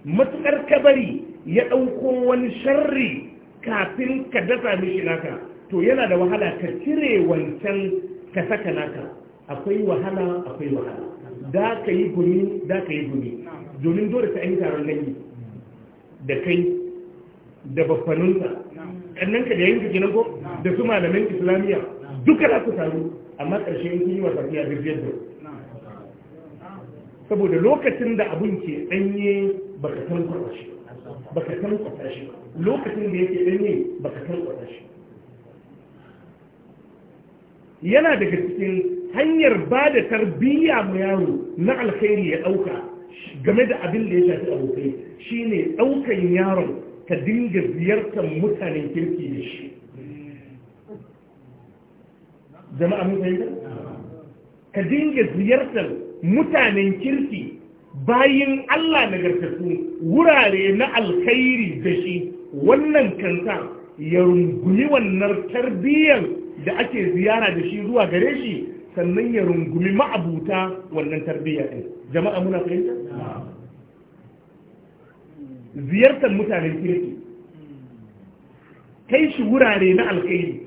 matuƙar kabari ya ɗauko wani sharri kafin ka dasa mishi naka to yana da wahala ka cire wancan ka saka naka akwai wahala akwai wahala da ka yi gumi da ka yi gumi domin dole ta yi taron gani da kai da baffaninsa, ƙannan ka da yayin ka ginan ko da su malamin islamiyya duka za ku taru amma ƙarshe in kun yi wasa fiya da saboda lokacin da abun ke danye baka san kwatashi baka san kwatashi lokacin da yake danye baka san kwatashi yana daga cikin hanyar ba da tarbiyya mu yaro na alkhairi ya dauka game da abin da ya shafi abokai shine daukan yaron ka dinga ziyartar mutanen kirki da shi jama'a mun fahimta ka dinga ziyartar mutanen kirki bayin Allah nagartattu wurare na alkhairi da shi wannan kanta ya rungumi wannan tarbiyyar da ake ziyara da shi zuwa gare shi sannan ya rungumi ma'abuta wannan tarbiyyar ɗin jama'a muna fahimta ziyartar mutanen kirki kai shi wurare na alkhairi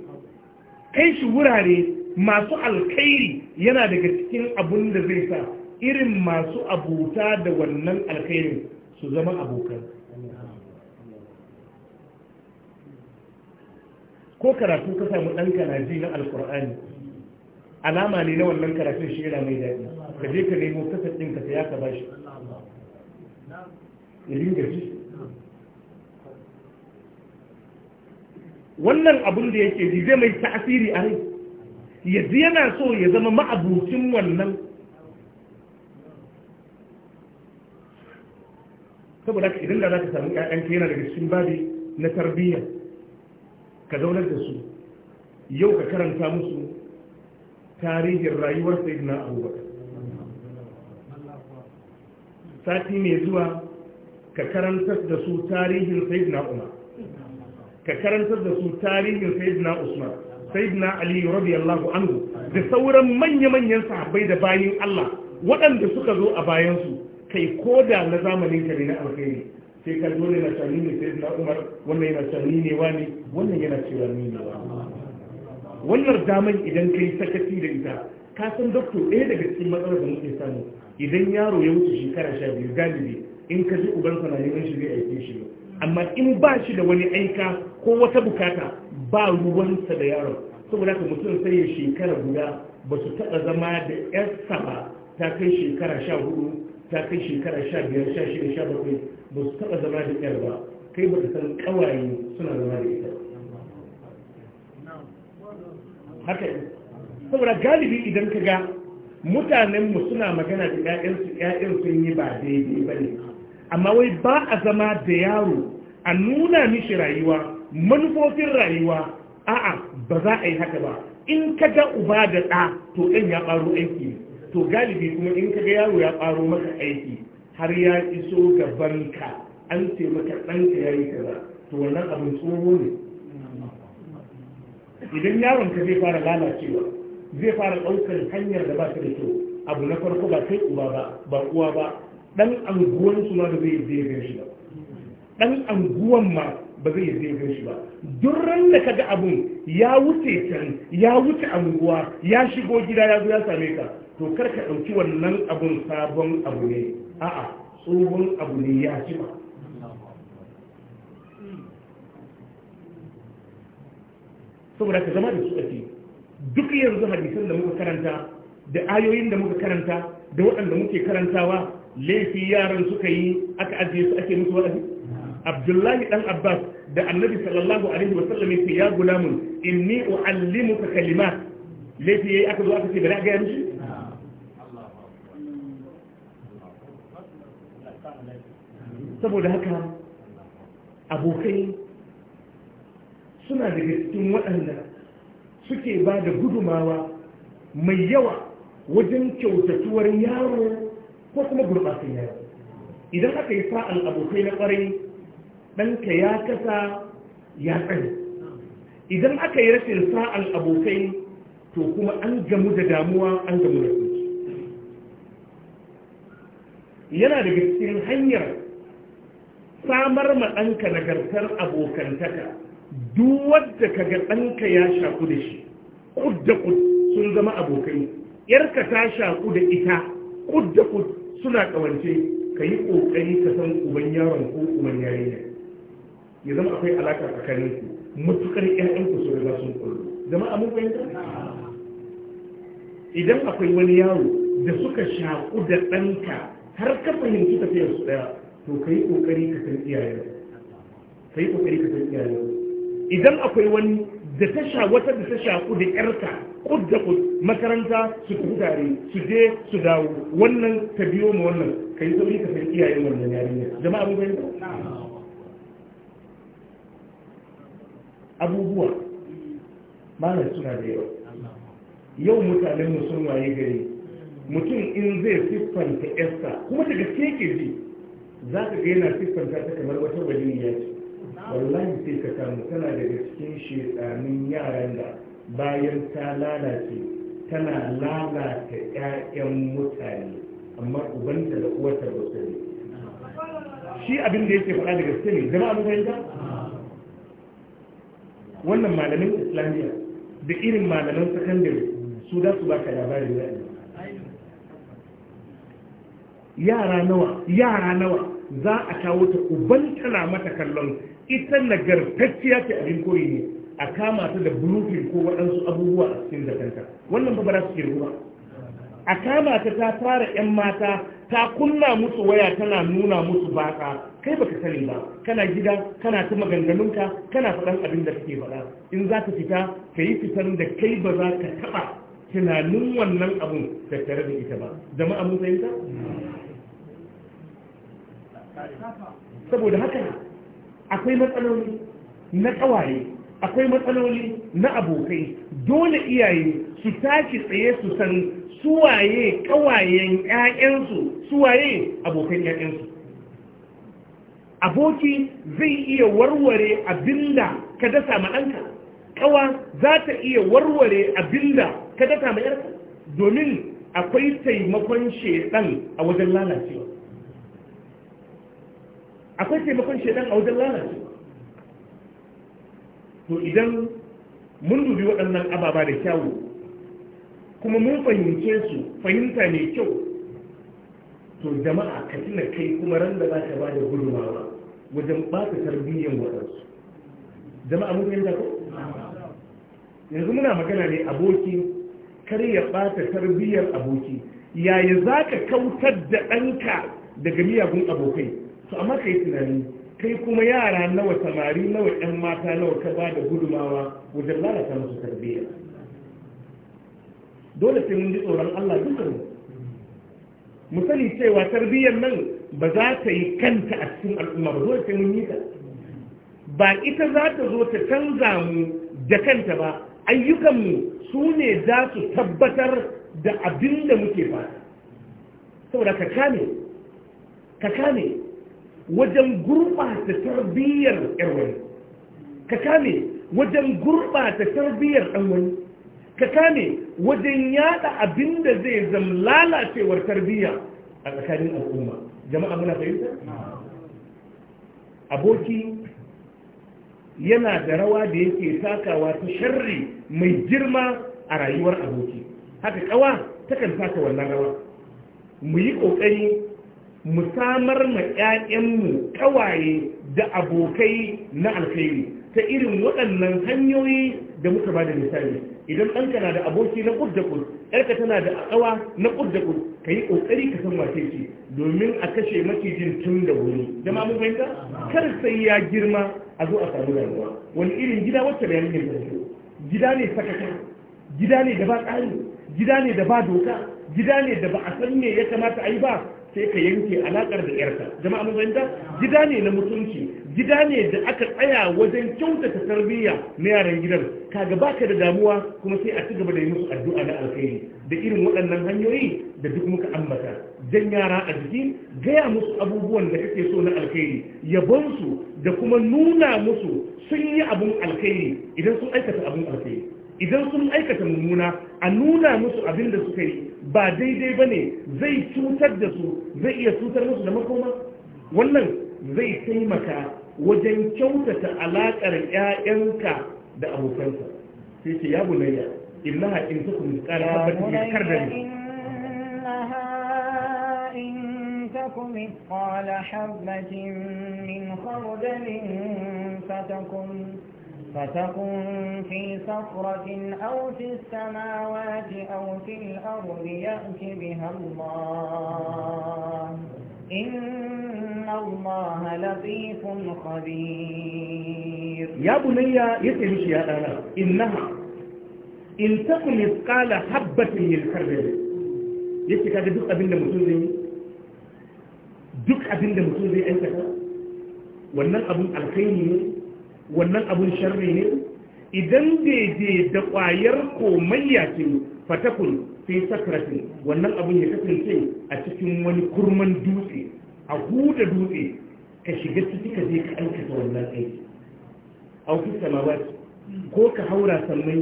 kai shi wurare masu alkhairi yana daga cikin abun da zai sa irin masu abuta da wannan alkhairin su zama abokan ko karatu ka samu ɗanka na ji na alkur'ani alama ne na wannan karatun shi yana mai daɗi ka je ka nemo kasar ɗin ka ya ka ba shi wannan abun da yake ji zai mai ta'asiri a rai yadda yana so ya zama ma'abucin wannan saboda ka idan da za ka samu ƴaƴanka yana daga cikin babi na tarbiyya ka zaunar da su yau ka karanta musu tarihin rayuwar na abubakar sati mai zuwa ka karantar da su tarihin na umar ka karantar da su tarihin na usman sayyidina ali radiyallahu anhu da sauran manya-manyan sahabbai da bayin Allah waɗanda suka zo a bayansu kai ko da na zamanin kare na alkhairi sai ka dole na sani ne na umar wannan yana sani ne wani wannan yana cewa ni ne wannan daman idan kai sakaci da ita ka san doktor ɗaya daga cikin matsalar da muke samu idan yaro ya wuce shekara sha biyu galibi in ka ji ubansa na neman shi zai aike shi amma in ba shi da wani aika ko wata bukata ba ruwansa da yaron saboda haka mutum sai ya shekara guda ba su taɓa zama da yarsa ba ta kai shekara sha hudu ta kai shekara sha biyar sha shida sha bakwai ba su taɓa zama da yar ba kai ba ka san ƙawaye suna zama da ita haka saboda galibi idan ka ga mutanenmu suna magana da 'ya'yansu 'ya'yan sun yi ba daidai ba ne amma wai ba a zama da yaro a nuna mishi rayuwa manufofin rayuwa a'a ba za a yi haka ba in ka ga uba da ɗa to ɗan ya ɓaro aiki to galibi kuma in ka ga yaro ya ɓaro maka aiki har ya iso gaban ka an ce maka ɗanka ya yi kaza to wannan abin tsoho ne idan yaron ka zai fara lalacewa zai fara ɗaukar hanyar da ba ta da kyau abu na farko ba kai uba ba ba uwa ba ɗan anguwan su ma da zai zai shi ba ɗan anguwan ma ba zai yi zai shi ba duk ran da ga abun ya wuce can ya wuce anguwa ya shigo gida ya zo ya same ka to kar ka ɗauki wannan abun sabon abu ne a'a tsohon abu ne ya ba saboda ka zama da su ake duk yanzu hadisan da muka karanta da ayoyin da muka karanta da waɗanda muke karantawa laifi yaran suka yi aka ajiye su ake musu wa'azi عبد الله بن عباس ده النبي صلى الله عليه وسلم في يا غلام اني اعلمك كلمات ليه في اخذ وقت في بلاء جاي الله سبو ده كان ابو خين سنا دي تكون وانا suke ba da gudumawa mai yawa wajen kyautatuwar yaro ko kuma gurbatun yaro idan aka yi sa'al abokai na kwarai ɗanka ya kasa ya tsani idan aka yi rashin sa'an abokai to kuma an gamu da damuwa an gamu da kuki. yana daga cikin hanyar samar ma ɗanka nagartar abokantaka duk wadda ka ga ɗanka ya shaku da shi kud da kud sun zama abokai yarka ta shaku da ita kud da kud suna ƙawance ka yi ƙoƙari ka san uban yaron ko uban ne ya zama akwai alaka tsakanin ku mutukar ƴan ku sun riga sun kullu a mun fahimta idan akwai wani yaro da suka shaƙu da ɗanka har ka fahimci tafiyar su ɗaya to yi ƙoƙari ka san iyayen yi ƙoƙari ka san iyayen idan akwai wani da ta sha wata da ta shaƙu da ƴarka kud da kud makaranta su tafi tare su je su dawo wannan ta biyo ma wannan yi sauri ka san iyayen wannan yarinya jama'a mun fahimta abubuwa malar suna da yawa yau mutanen sun waye gari mutum in zai siffanta esta kuma daga keke ji za ka yana siffanta ta kamar wata ya ce wallahi sai ka samu tana daga cikin shekarun yaran da bayan ta lalace tana lalata 'ya'yan mutane amma ubanta da uwarta ba shi abin da yake faɗa daga gaske ne jama'a mun fahimta wannan malamin islamiyya da irin malamin sakandare su da su baka labarin yara nawa yara nawa za a kawo ta uban tana mata kallon ita nagartacciya ce abin koyi ne a kama ta da blueprint ko waɗansu abubuwa a cikin zakanta wannan ba ba su ke ruwa a kama ta ta fara 'yan mata ta kunna musu waya tana nuna musu baka kai baka sani ba kana gida kana ta maganganunka kana faɗan abin da kake faɗa in za ka fita ka yi fitar da kai ba za ka taɓa tunanin wannan abun da tare da ita ba jama'a mun fahimta saboda haka akwai matsaloli na ƙawaye akwai matsaloli na abokai dole iyaye su tashi tsaye su san suwaye ƙawayen 'ya'yansu suwaye abokan 'ya'yansu aboki zai iya warware abinda ka dasa ma ɗanka ƙawa za ta iya warware abinda ka dasa ma domin akwai taimakon shedan a wajen lalacewa akwai taimakon shedan a wajen lalacewa to idan mun dubi waɗannan ababa da kyawu kuma mun fahimce su fahimta mai kyau to jama'a ka tuna kai kuma ran da za ka ba da gudunmawa wajen ɓata tarbiyyar waɗansu jama'a mun fahimta ko yanzu muna magana ne aboki kar ya ɓata tarbiyyar aboki yaya za ka kautar da ɗanka daga miyagun abokai to amma kai tunani kai kuma yara nawa samari nawa ƴan mata nawa ka ba da gudumawa wajen lalata musu tarbiyyar dole sai mun ji tsoron Allah dukkan mu sani cewa tarbiyyar nan ba za ta yi kanta a cikin al'umma ba dole sai mun yi ta ba ita za ta zo ta canza mu da kanta ba ayyukanmu su ne za su tabbatar da abin da muke fata saboda ka kame ka kame wajen gurɓata tarbiyyar wani ka kame wajen gurɓata tarbiyyar wani ka kame wajen yada abin da zai zama lalacewar tarbiyya a tsakanin al'umma jama'a muna fahimta aboki yana da rawa da yake takawa ta sharri mai girma a rayuwar aboki haka kawa takan taka wannan rawa mu yi ƙoƙari mu samar ma 'ya'yanmu kawaye da abokai na alkhairi ta irin waɗannan hanyoyi da muka ba da misali idan ɗanka na da aboki na ƙud da ƙud ƴarka tana da ƙawa na ƙud da ƙud ka yi ƙoƙari ka san wace ce domin a kashe macijin tun da wuri da ma mun kar sai ya girma a zo a samu rayuwa wani irin gida wacce da yankin da gida ne sakaka gida ne da ba tsari gida ne da ba doka gida ne da ba a san me ya kamata a yi ba sai ka yanke alaƙar da ƴarka jama'a mun gida ne na mutunci gida ne da aka tsaya wajen kyautata tarbiyya na yaran gidan kaga baka da damuwa kuma sai a ci gaba da yi musu addu'a na alkhairi da irin waɗannan hanyoyi da duk muka ambata jan yara a jiki gaya musu abubuwan da kake so na alkhairi yabon su da kuma nuna musu sun yi abun alkhairi idan sun aikata abun alkhairi idan sun aikata mummuna a nuna musu abin da suka yi ba daidai bane zai cutar da su zai iya cutar musu da makoma wannan zai taimaka wajen kyautata alaƙar ƴaƴanka da abokansa sai ce ya bunayya illa illaha in tukun misqala habatin min khardali تكن مثقال حبة من خردل فتكن فتكن في صخرة أو في السماوات أو في الأرض يأت بها الله إن الله لطيف خبير يا بني يسألش يا أنا إنها إن تكن مثقال حبة من خردل yace kaga duk abin da mutum zai duk abin mutum zai aikata wannan abun alkhairi ne wannan abun sharri ne idan daidai da kwayar komayya ce fatakun sai sakratin wannan abun ya kasance a cikin wani kurman dutse a huda dutse ka shiga ciki ka je ka aikata wannan aiki a wasu samawat ko ka haura sannan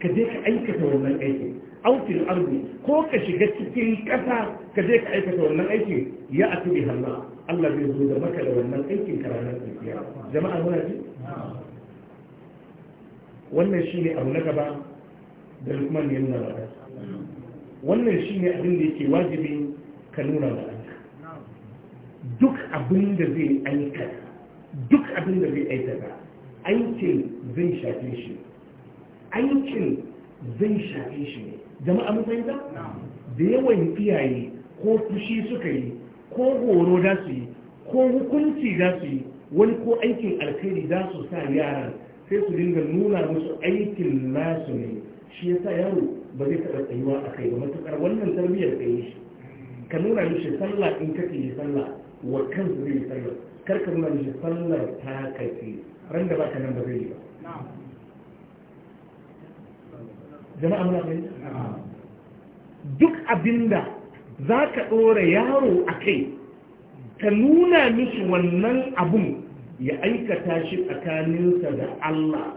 ka je ka aikata wannan aiki autin arzi ko ka shiga cikin ƙasa ka je ka aikata wannan aiki ya a tubi hannu Allah zai zo da maka da wannan aikin ka ranar tsakiya jama'a muna ji wannan shi ne abu na gaba da lukman ya nuna ba wannan shi ne abin da yake wajibi ka nuna ba duk abin da zai aikata duk abin da zai aikata aikin zai shafe shi aikin zai shafe shi jama'a mun fahimta da yawan iyaye ko fushi suka yi ko horo da su yi ko hukunci da su yi wani ko aikin alkhairi za su sa yara sai su dinga nuna musu aikin nasu ne shi ya sa yaro ba zai taɓa tsayuwa a kai ba matuƙar wannan tarbiyyar da yi shi ka nuna mishi sallah in kake yi sallah wa kansu zai yi sallar kar ka nuna sallar ta kafi ran da baka nan ba zai yi ba jama'a muna fahimta duk abinda za ka ɗora yaro a kai ka nuna mishi wannan abun ya aikata shi tsakaninsa da Allah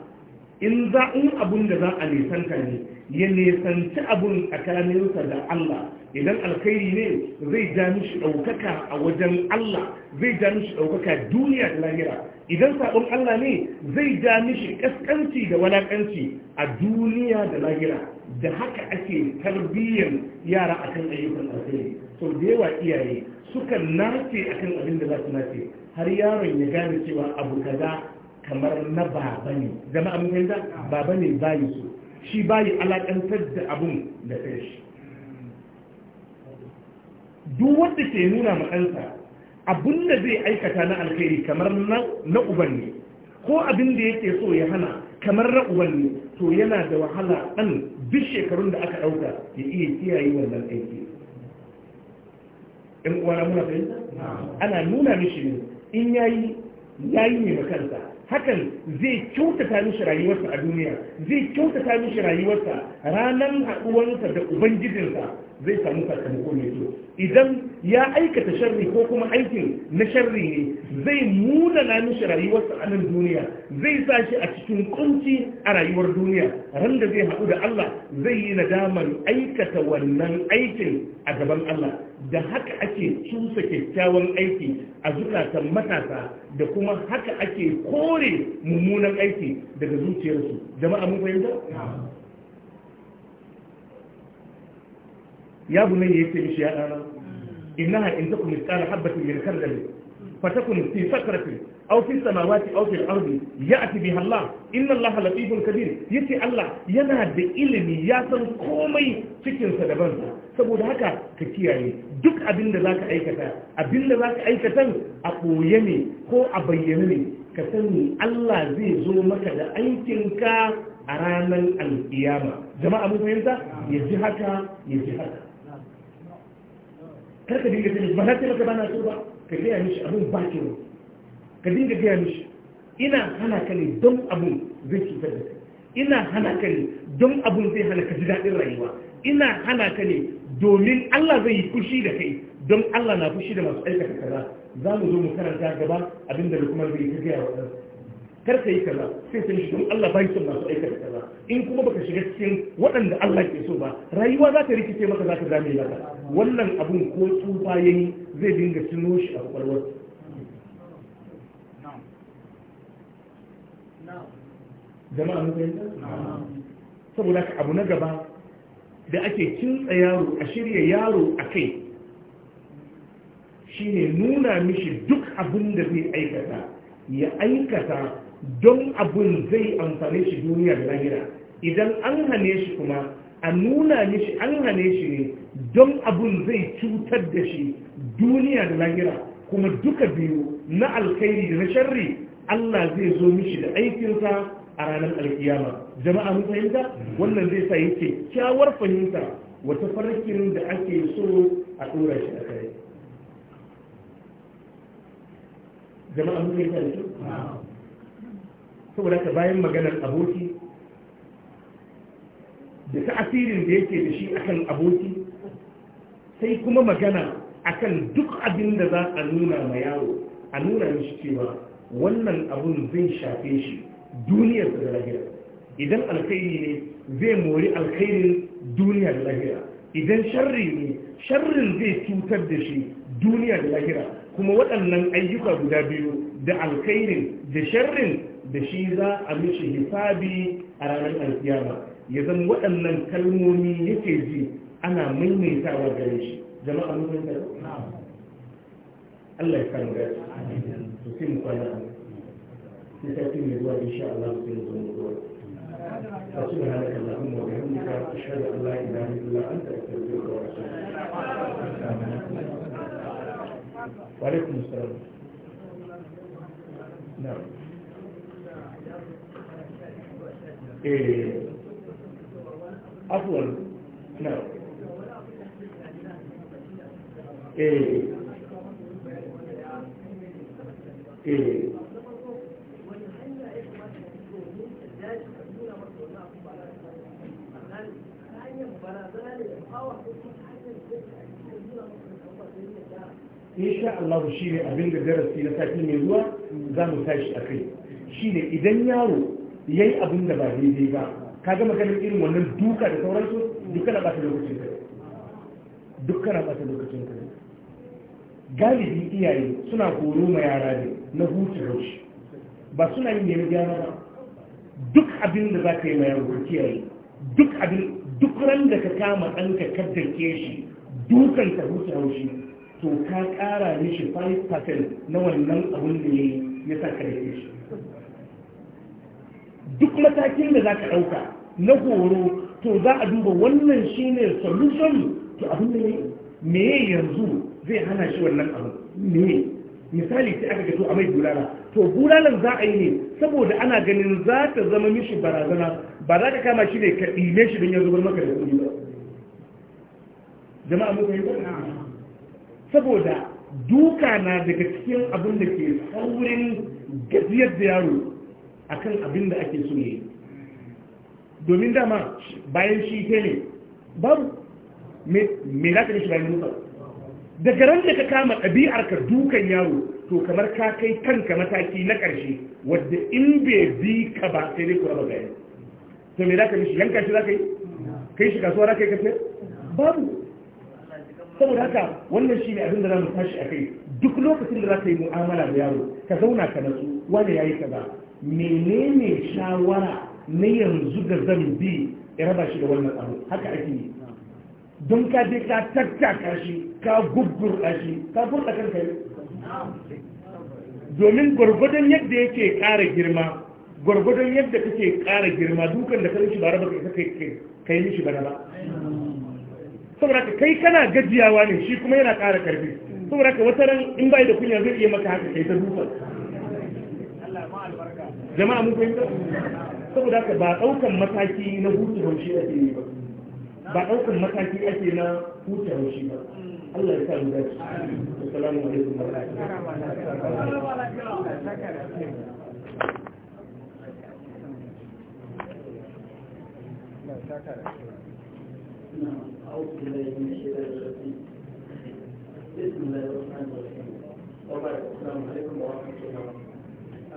in za in abun da za a nisanta ne ya nisanci abun tsakaninsa da Allah idan alkhairi ne zai ja mishi ɗaukaka a wajen Allah zai ja mishi ɗaukaka duniya da lahira idan sabon Allah ne zai ja mishi ƙasƙanci da walaƙanci a duniya da lahira da haka ake tarbiyyar yara akan ayyukan alkhairi sau da yawa iyaye suka nace akan abin da za su nace har yaron ya gane cewa abu kaza kamar na baba ne jama'a mun yanda baba ne bayi su shi bayi alakantar da abun da kai shi duk wanda ke nuna ma abinda abin da zai aikata na alkhairi kamar na uban ko abin da yake so ya hana kamar na uban to yana da wahala ɗan duk shekarun da aka ɗauka ya iya kiyaye wannan aiki in uwana muna fahimta ana nuna mishi ne in yayi yayi ne makansa hakan zai kyautata mishi rayuwarsa a duniya zai kyautata mishi rayuwarsa ranar haɗuwarsa da ubangijinsa zai samu sakamako mai kyau idan ya aikata sharri ko kuma aikin na sharri ne zai munana mishi rayuwarsa a nan duniya zai sa shi a cikin kunci a rayuwar duniya ran da zai haɗu da Allah zai yi nadamar aikata wannan aikin a gaban Allah da haka ake cusa kyakkyawan aiki a zukatan matasa da kuma haka ake kore mummunan aiki daga zuciyarsu jama'a mun fahimta ya bu nan yace mishi ya dana innaha in takum mithqala habatin min khardal fatakun fi sakratin aw fi samawati aukin fil Ya ya'ti biha Allah inna Allah latifun kabir yace Allah yana da ilimi ya san komai cikinsa daban saboda haka ka kiyaye duk abin da ka aikata abin da ka aikatan a boye ne ko a bayyane ne ka sani Allah zai zo maka da aikinka a ranar al'iyama. jama'a mun fahimta ya ji haka ya ji haka kar ka dinga jin ba na taimaka ba so ba ka gaya mishi abin ba ke ka dinga gaya mishi ina hana ka ne don abin zai cutar da kai ina hana ka ne don abin zai hana ka ji daɗin rayuwa ina hana ka ne domin Allah zai yi fushi da kai don Allah na fushi da masu aikata kaza za mu zo mu karanta gaba abinda da kuma zai ta gaya wa ɗansa kar ka yi kaza sai sun shi Allah bai son masu aikata kaza in kuma baka shiga cikin waɗanda Allah ke so ba rayuwa za ta rikice maka za ta zame maka wannan abun ko tsufa yayi zai dinga tuno shi a kwakwalwar jama'a mun fahimta saboda ka abu na gaba da ake kintsa yaro a shirya yaro a kai shine nuna mishi duk abin da zai aikata ya aikata don abin zai amfani shi duniya da lahira idan an hane shi kuma a nuna mishi an hane shi ne don abin zai cutar da shi duniya da lahira kuma duka biyu na alkhairi da na sharri Allah zai zo mishi da aikinsa a ranar alkiyama jama'a mun fahimta wannan zai sa yake kyawar fahimta wata farkin da ake so a dora shi a kai jama'a mun fahimta da saboda ka bayan maganar aboki da ta'asirin da yake da shi akan aboki sai kuma magana akan duk abin da za a nuna ma yawo a nuna mishi cewa wannan abun zai shafe shi duniyar da lahira idan alkhairi ne zai mori alkhairin duniyar lahira idan sharri ne sharrin zai cutar da shi duniyar lahira kuma waɗannan ayyuka guda biyu da alkhairin da sharrin da shi za a mishi hisabi a ranar alkiyama ya zan waɗannan kalmomi yake ji ana maimaitawa gare shi jama'a mun san Allah ya kan gaci to sai mu kwana sai sai mai zuwa insha Allah sai mu zo mu zuwa فسبحانك اللهم وبحمدك أشهد أن لا إله إلا أنت أستغفرك وأتوب إليك وعليكم السلام نعم Eh, afuwar na eh eh insha Allah shi ne abin da darasi na sati mai zuwa za mu tashi a kai shi ne idan yaro yayi abin da ba daidai ba ka ga maganin irin wannan duka da sauransu duka na bata lokacin ka duka na bata lokacin ka galibi iyaye suna horo ma yara ne na hutu haushi ba suna yin yana gyara ba duk abin da za ka yi ma yaro ka kiyaye duk abin duk ran da ka kama ɗanka kaddarke shi dukan ka hutu haushi to ka ƙara mishi 5% na wannan abin da ya yi ya sa ka da shi duk matakin da za ka ɗauka na horo to za a duba wannan shi ne solution to abin da me yanzu zai hana shi wannan abu me misali sai aka gato a mai bulala to bulalan za a yi ne saboda ana ganin za ta zama mishi barazana ba za ka kama shi ne ka ɗime shi don ya zubar maka da kuɗi ba jama'a muka yi saboda duka na daga cikin abin da ke saurin gajiyar da yaro akan abin da ake so ne domin dama bayan shi ke ne babu me za ka da shi bayan musa daga ran da ka kama ɗabi'ar ka dukan yaro to kamar ka kai kanka mataki na ƙarshe wadda in bai bi ka ba sai dai kura ba gaya to me za ka mishi yanka shi za ka yi kai shi kasuwa za ka yi kasar babu saboda haka wannan shi ne abin da za mu tashi a kai duk lokacin da za ka yi mu'amala da yaro ka zauna ka nasu wani ya yi kaza menene shawara na yanzu da zan bi ya raba shi da wannan abu haka ake yi don ka je ka tattaka shi ka gugurta shi ka furta kanka ne domin gwargwadon yadda yake ƙara girma gwargwadon yadda kake ƙara girma dukan da kanin shi ba raba kai kai mishi bana ba saboda ka kai kana gajiyawa ne shi kuma yana ƙara karfi saboda ka wata ran in bai da kunya zai iya maka haka kai ta dukan jama'a mun fahimta saboda ba ɗaukan mataki na hutu haushi ake yi ba ba ɗaukan mataki ake na hutu haushi ba Allah ya sa mu dace assalamu alaikum wa rahmatullahi أعوذ بالله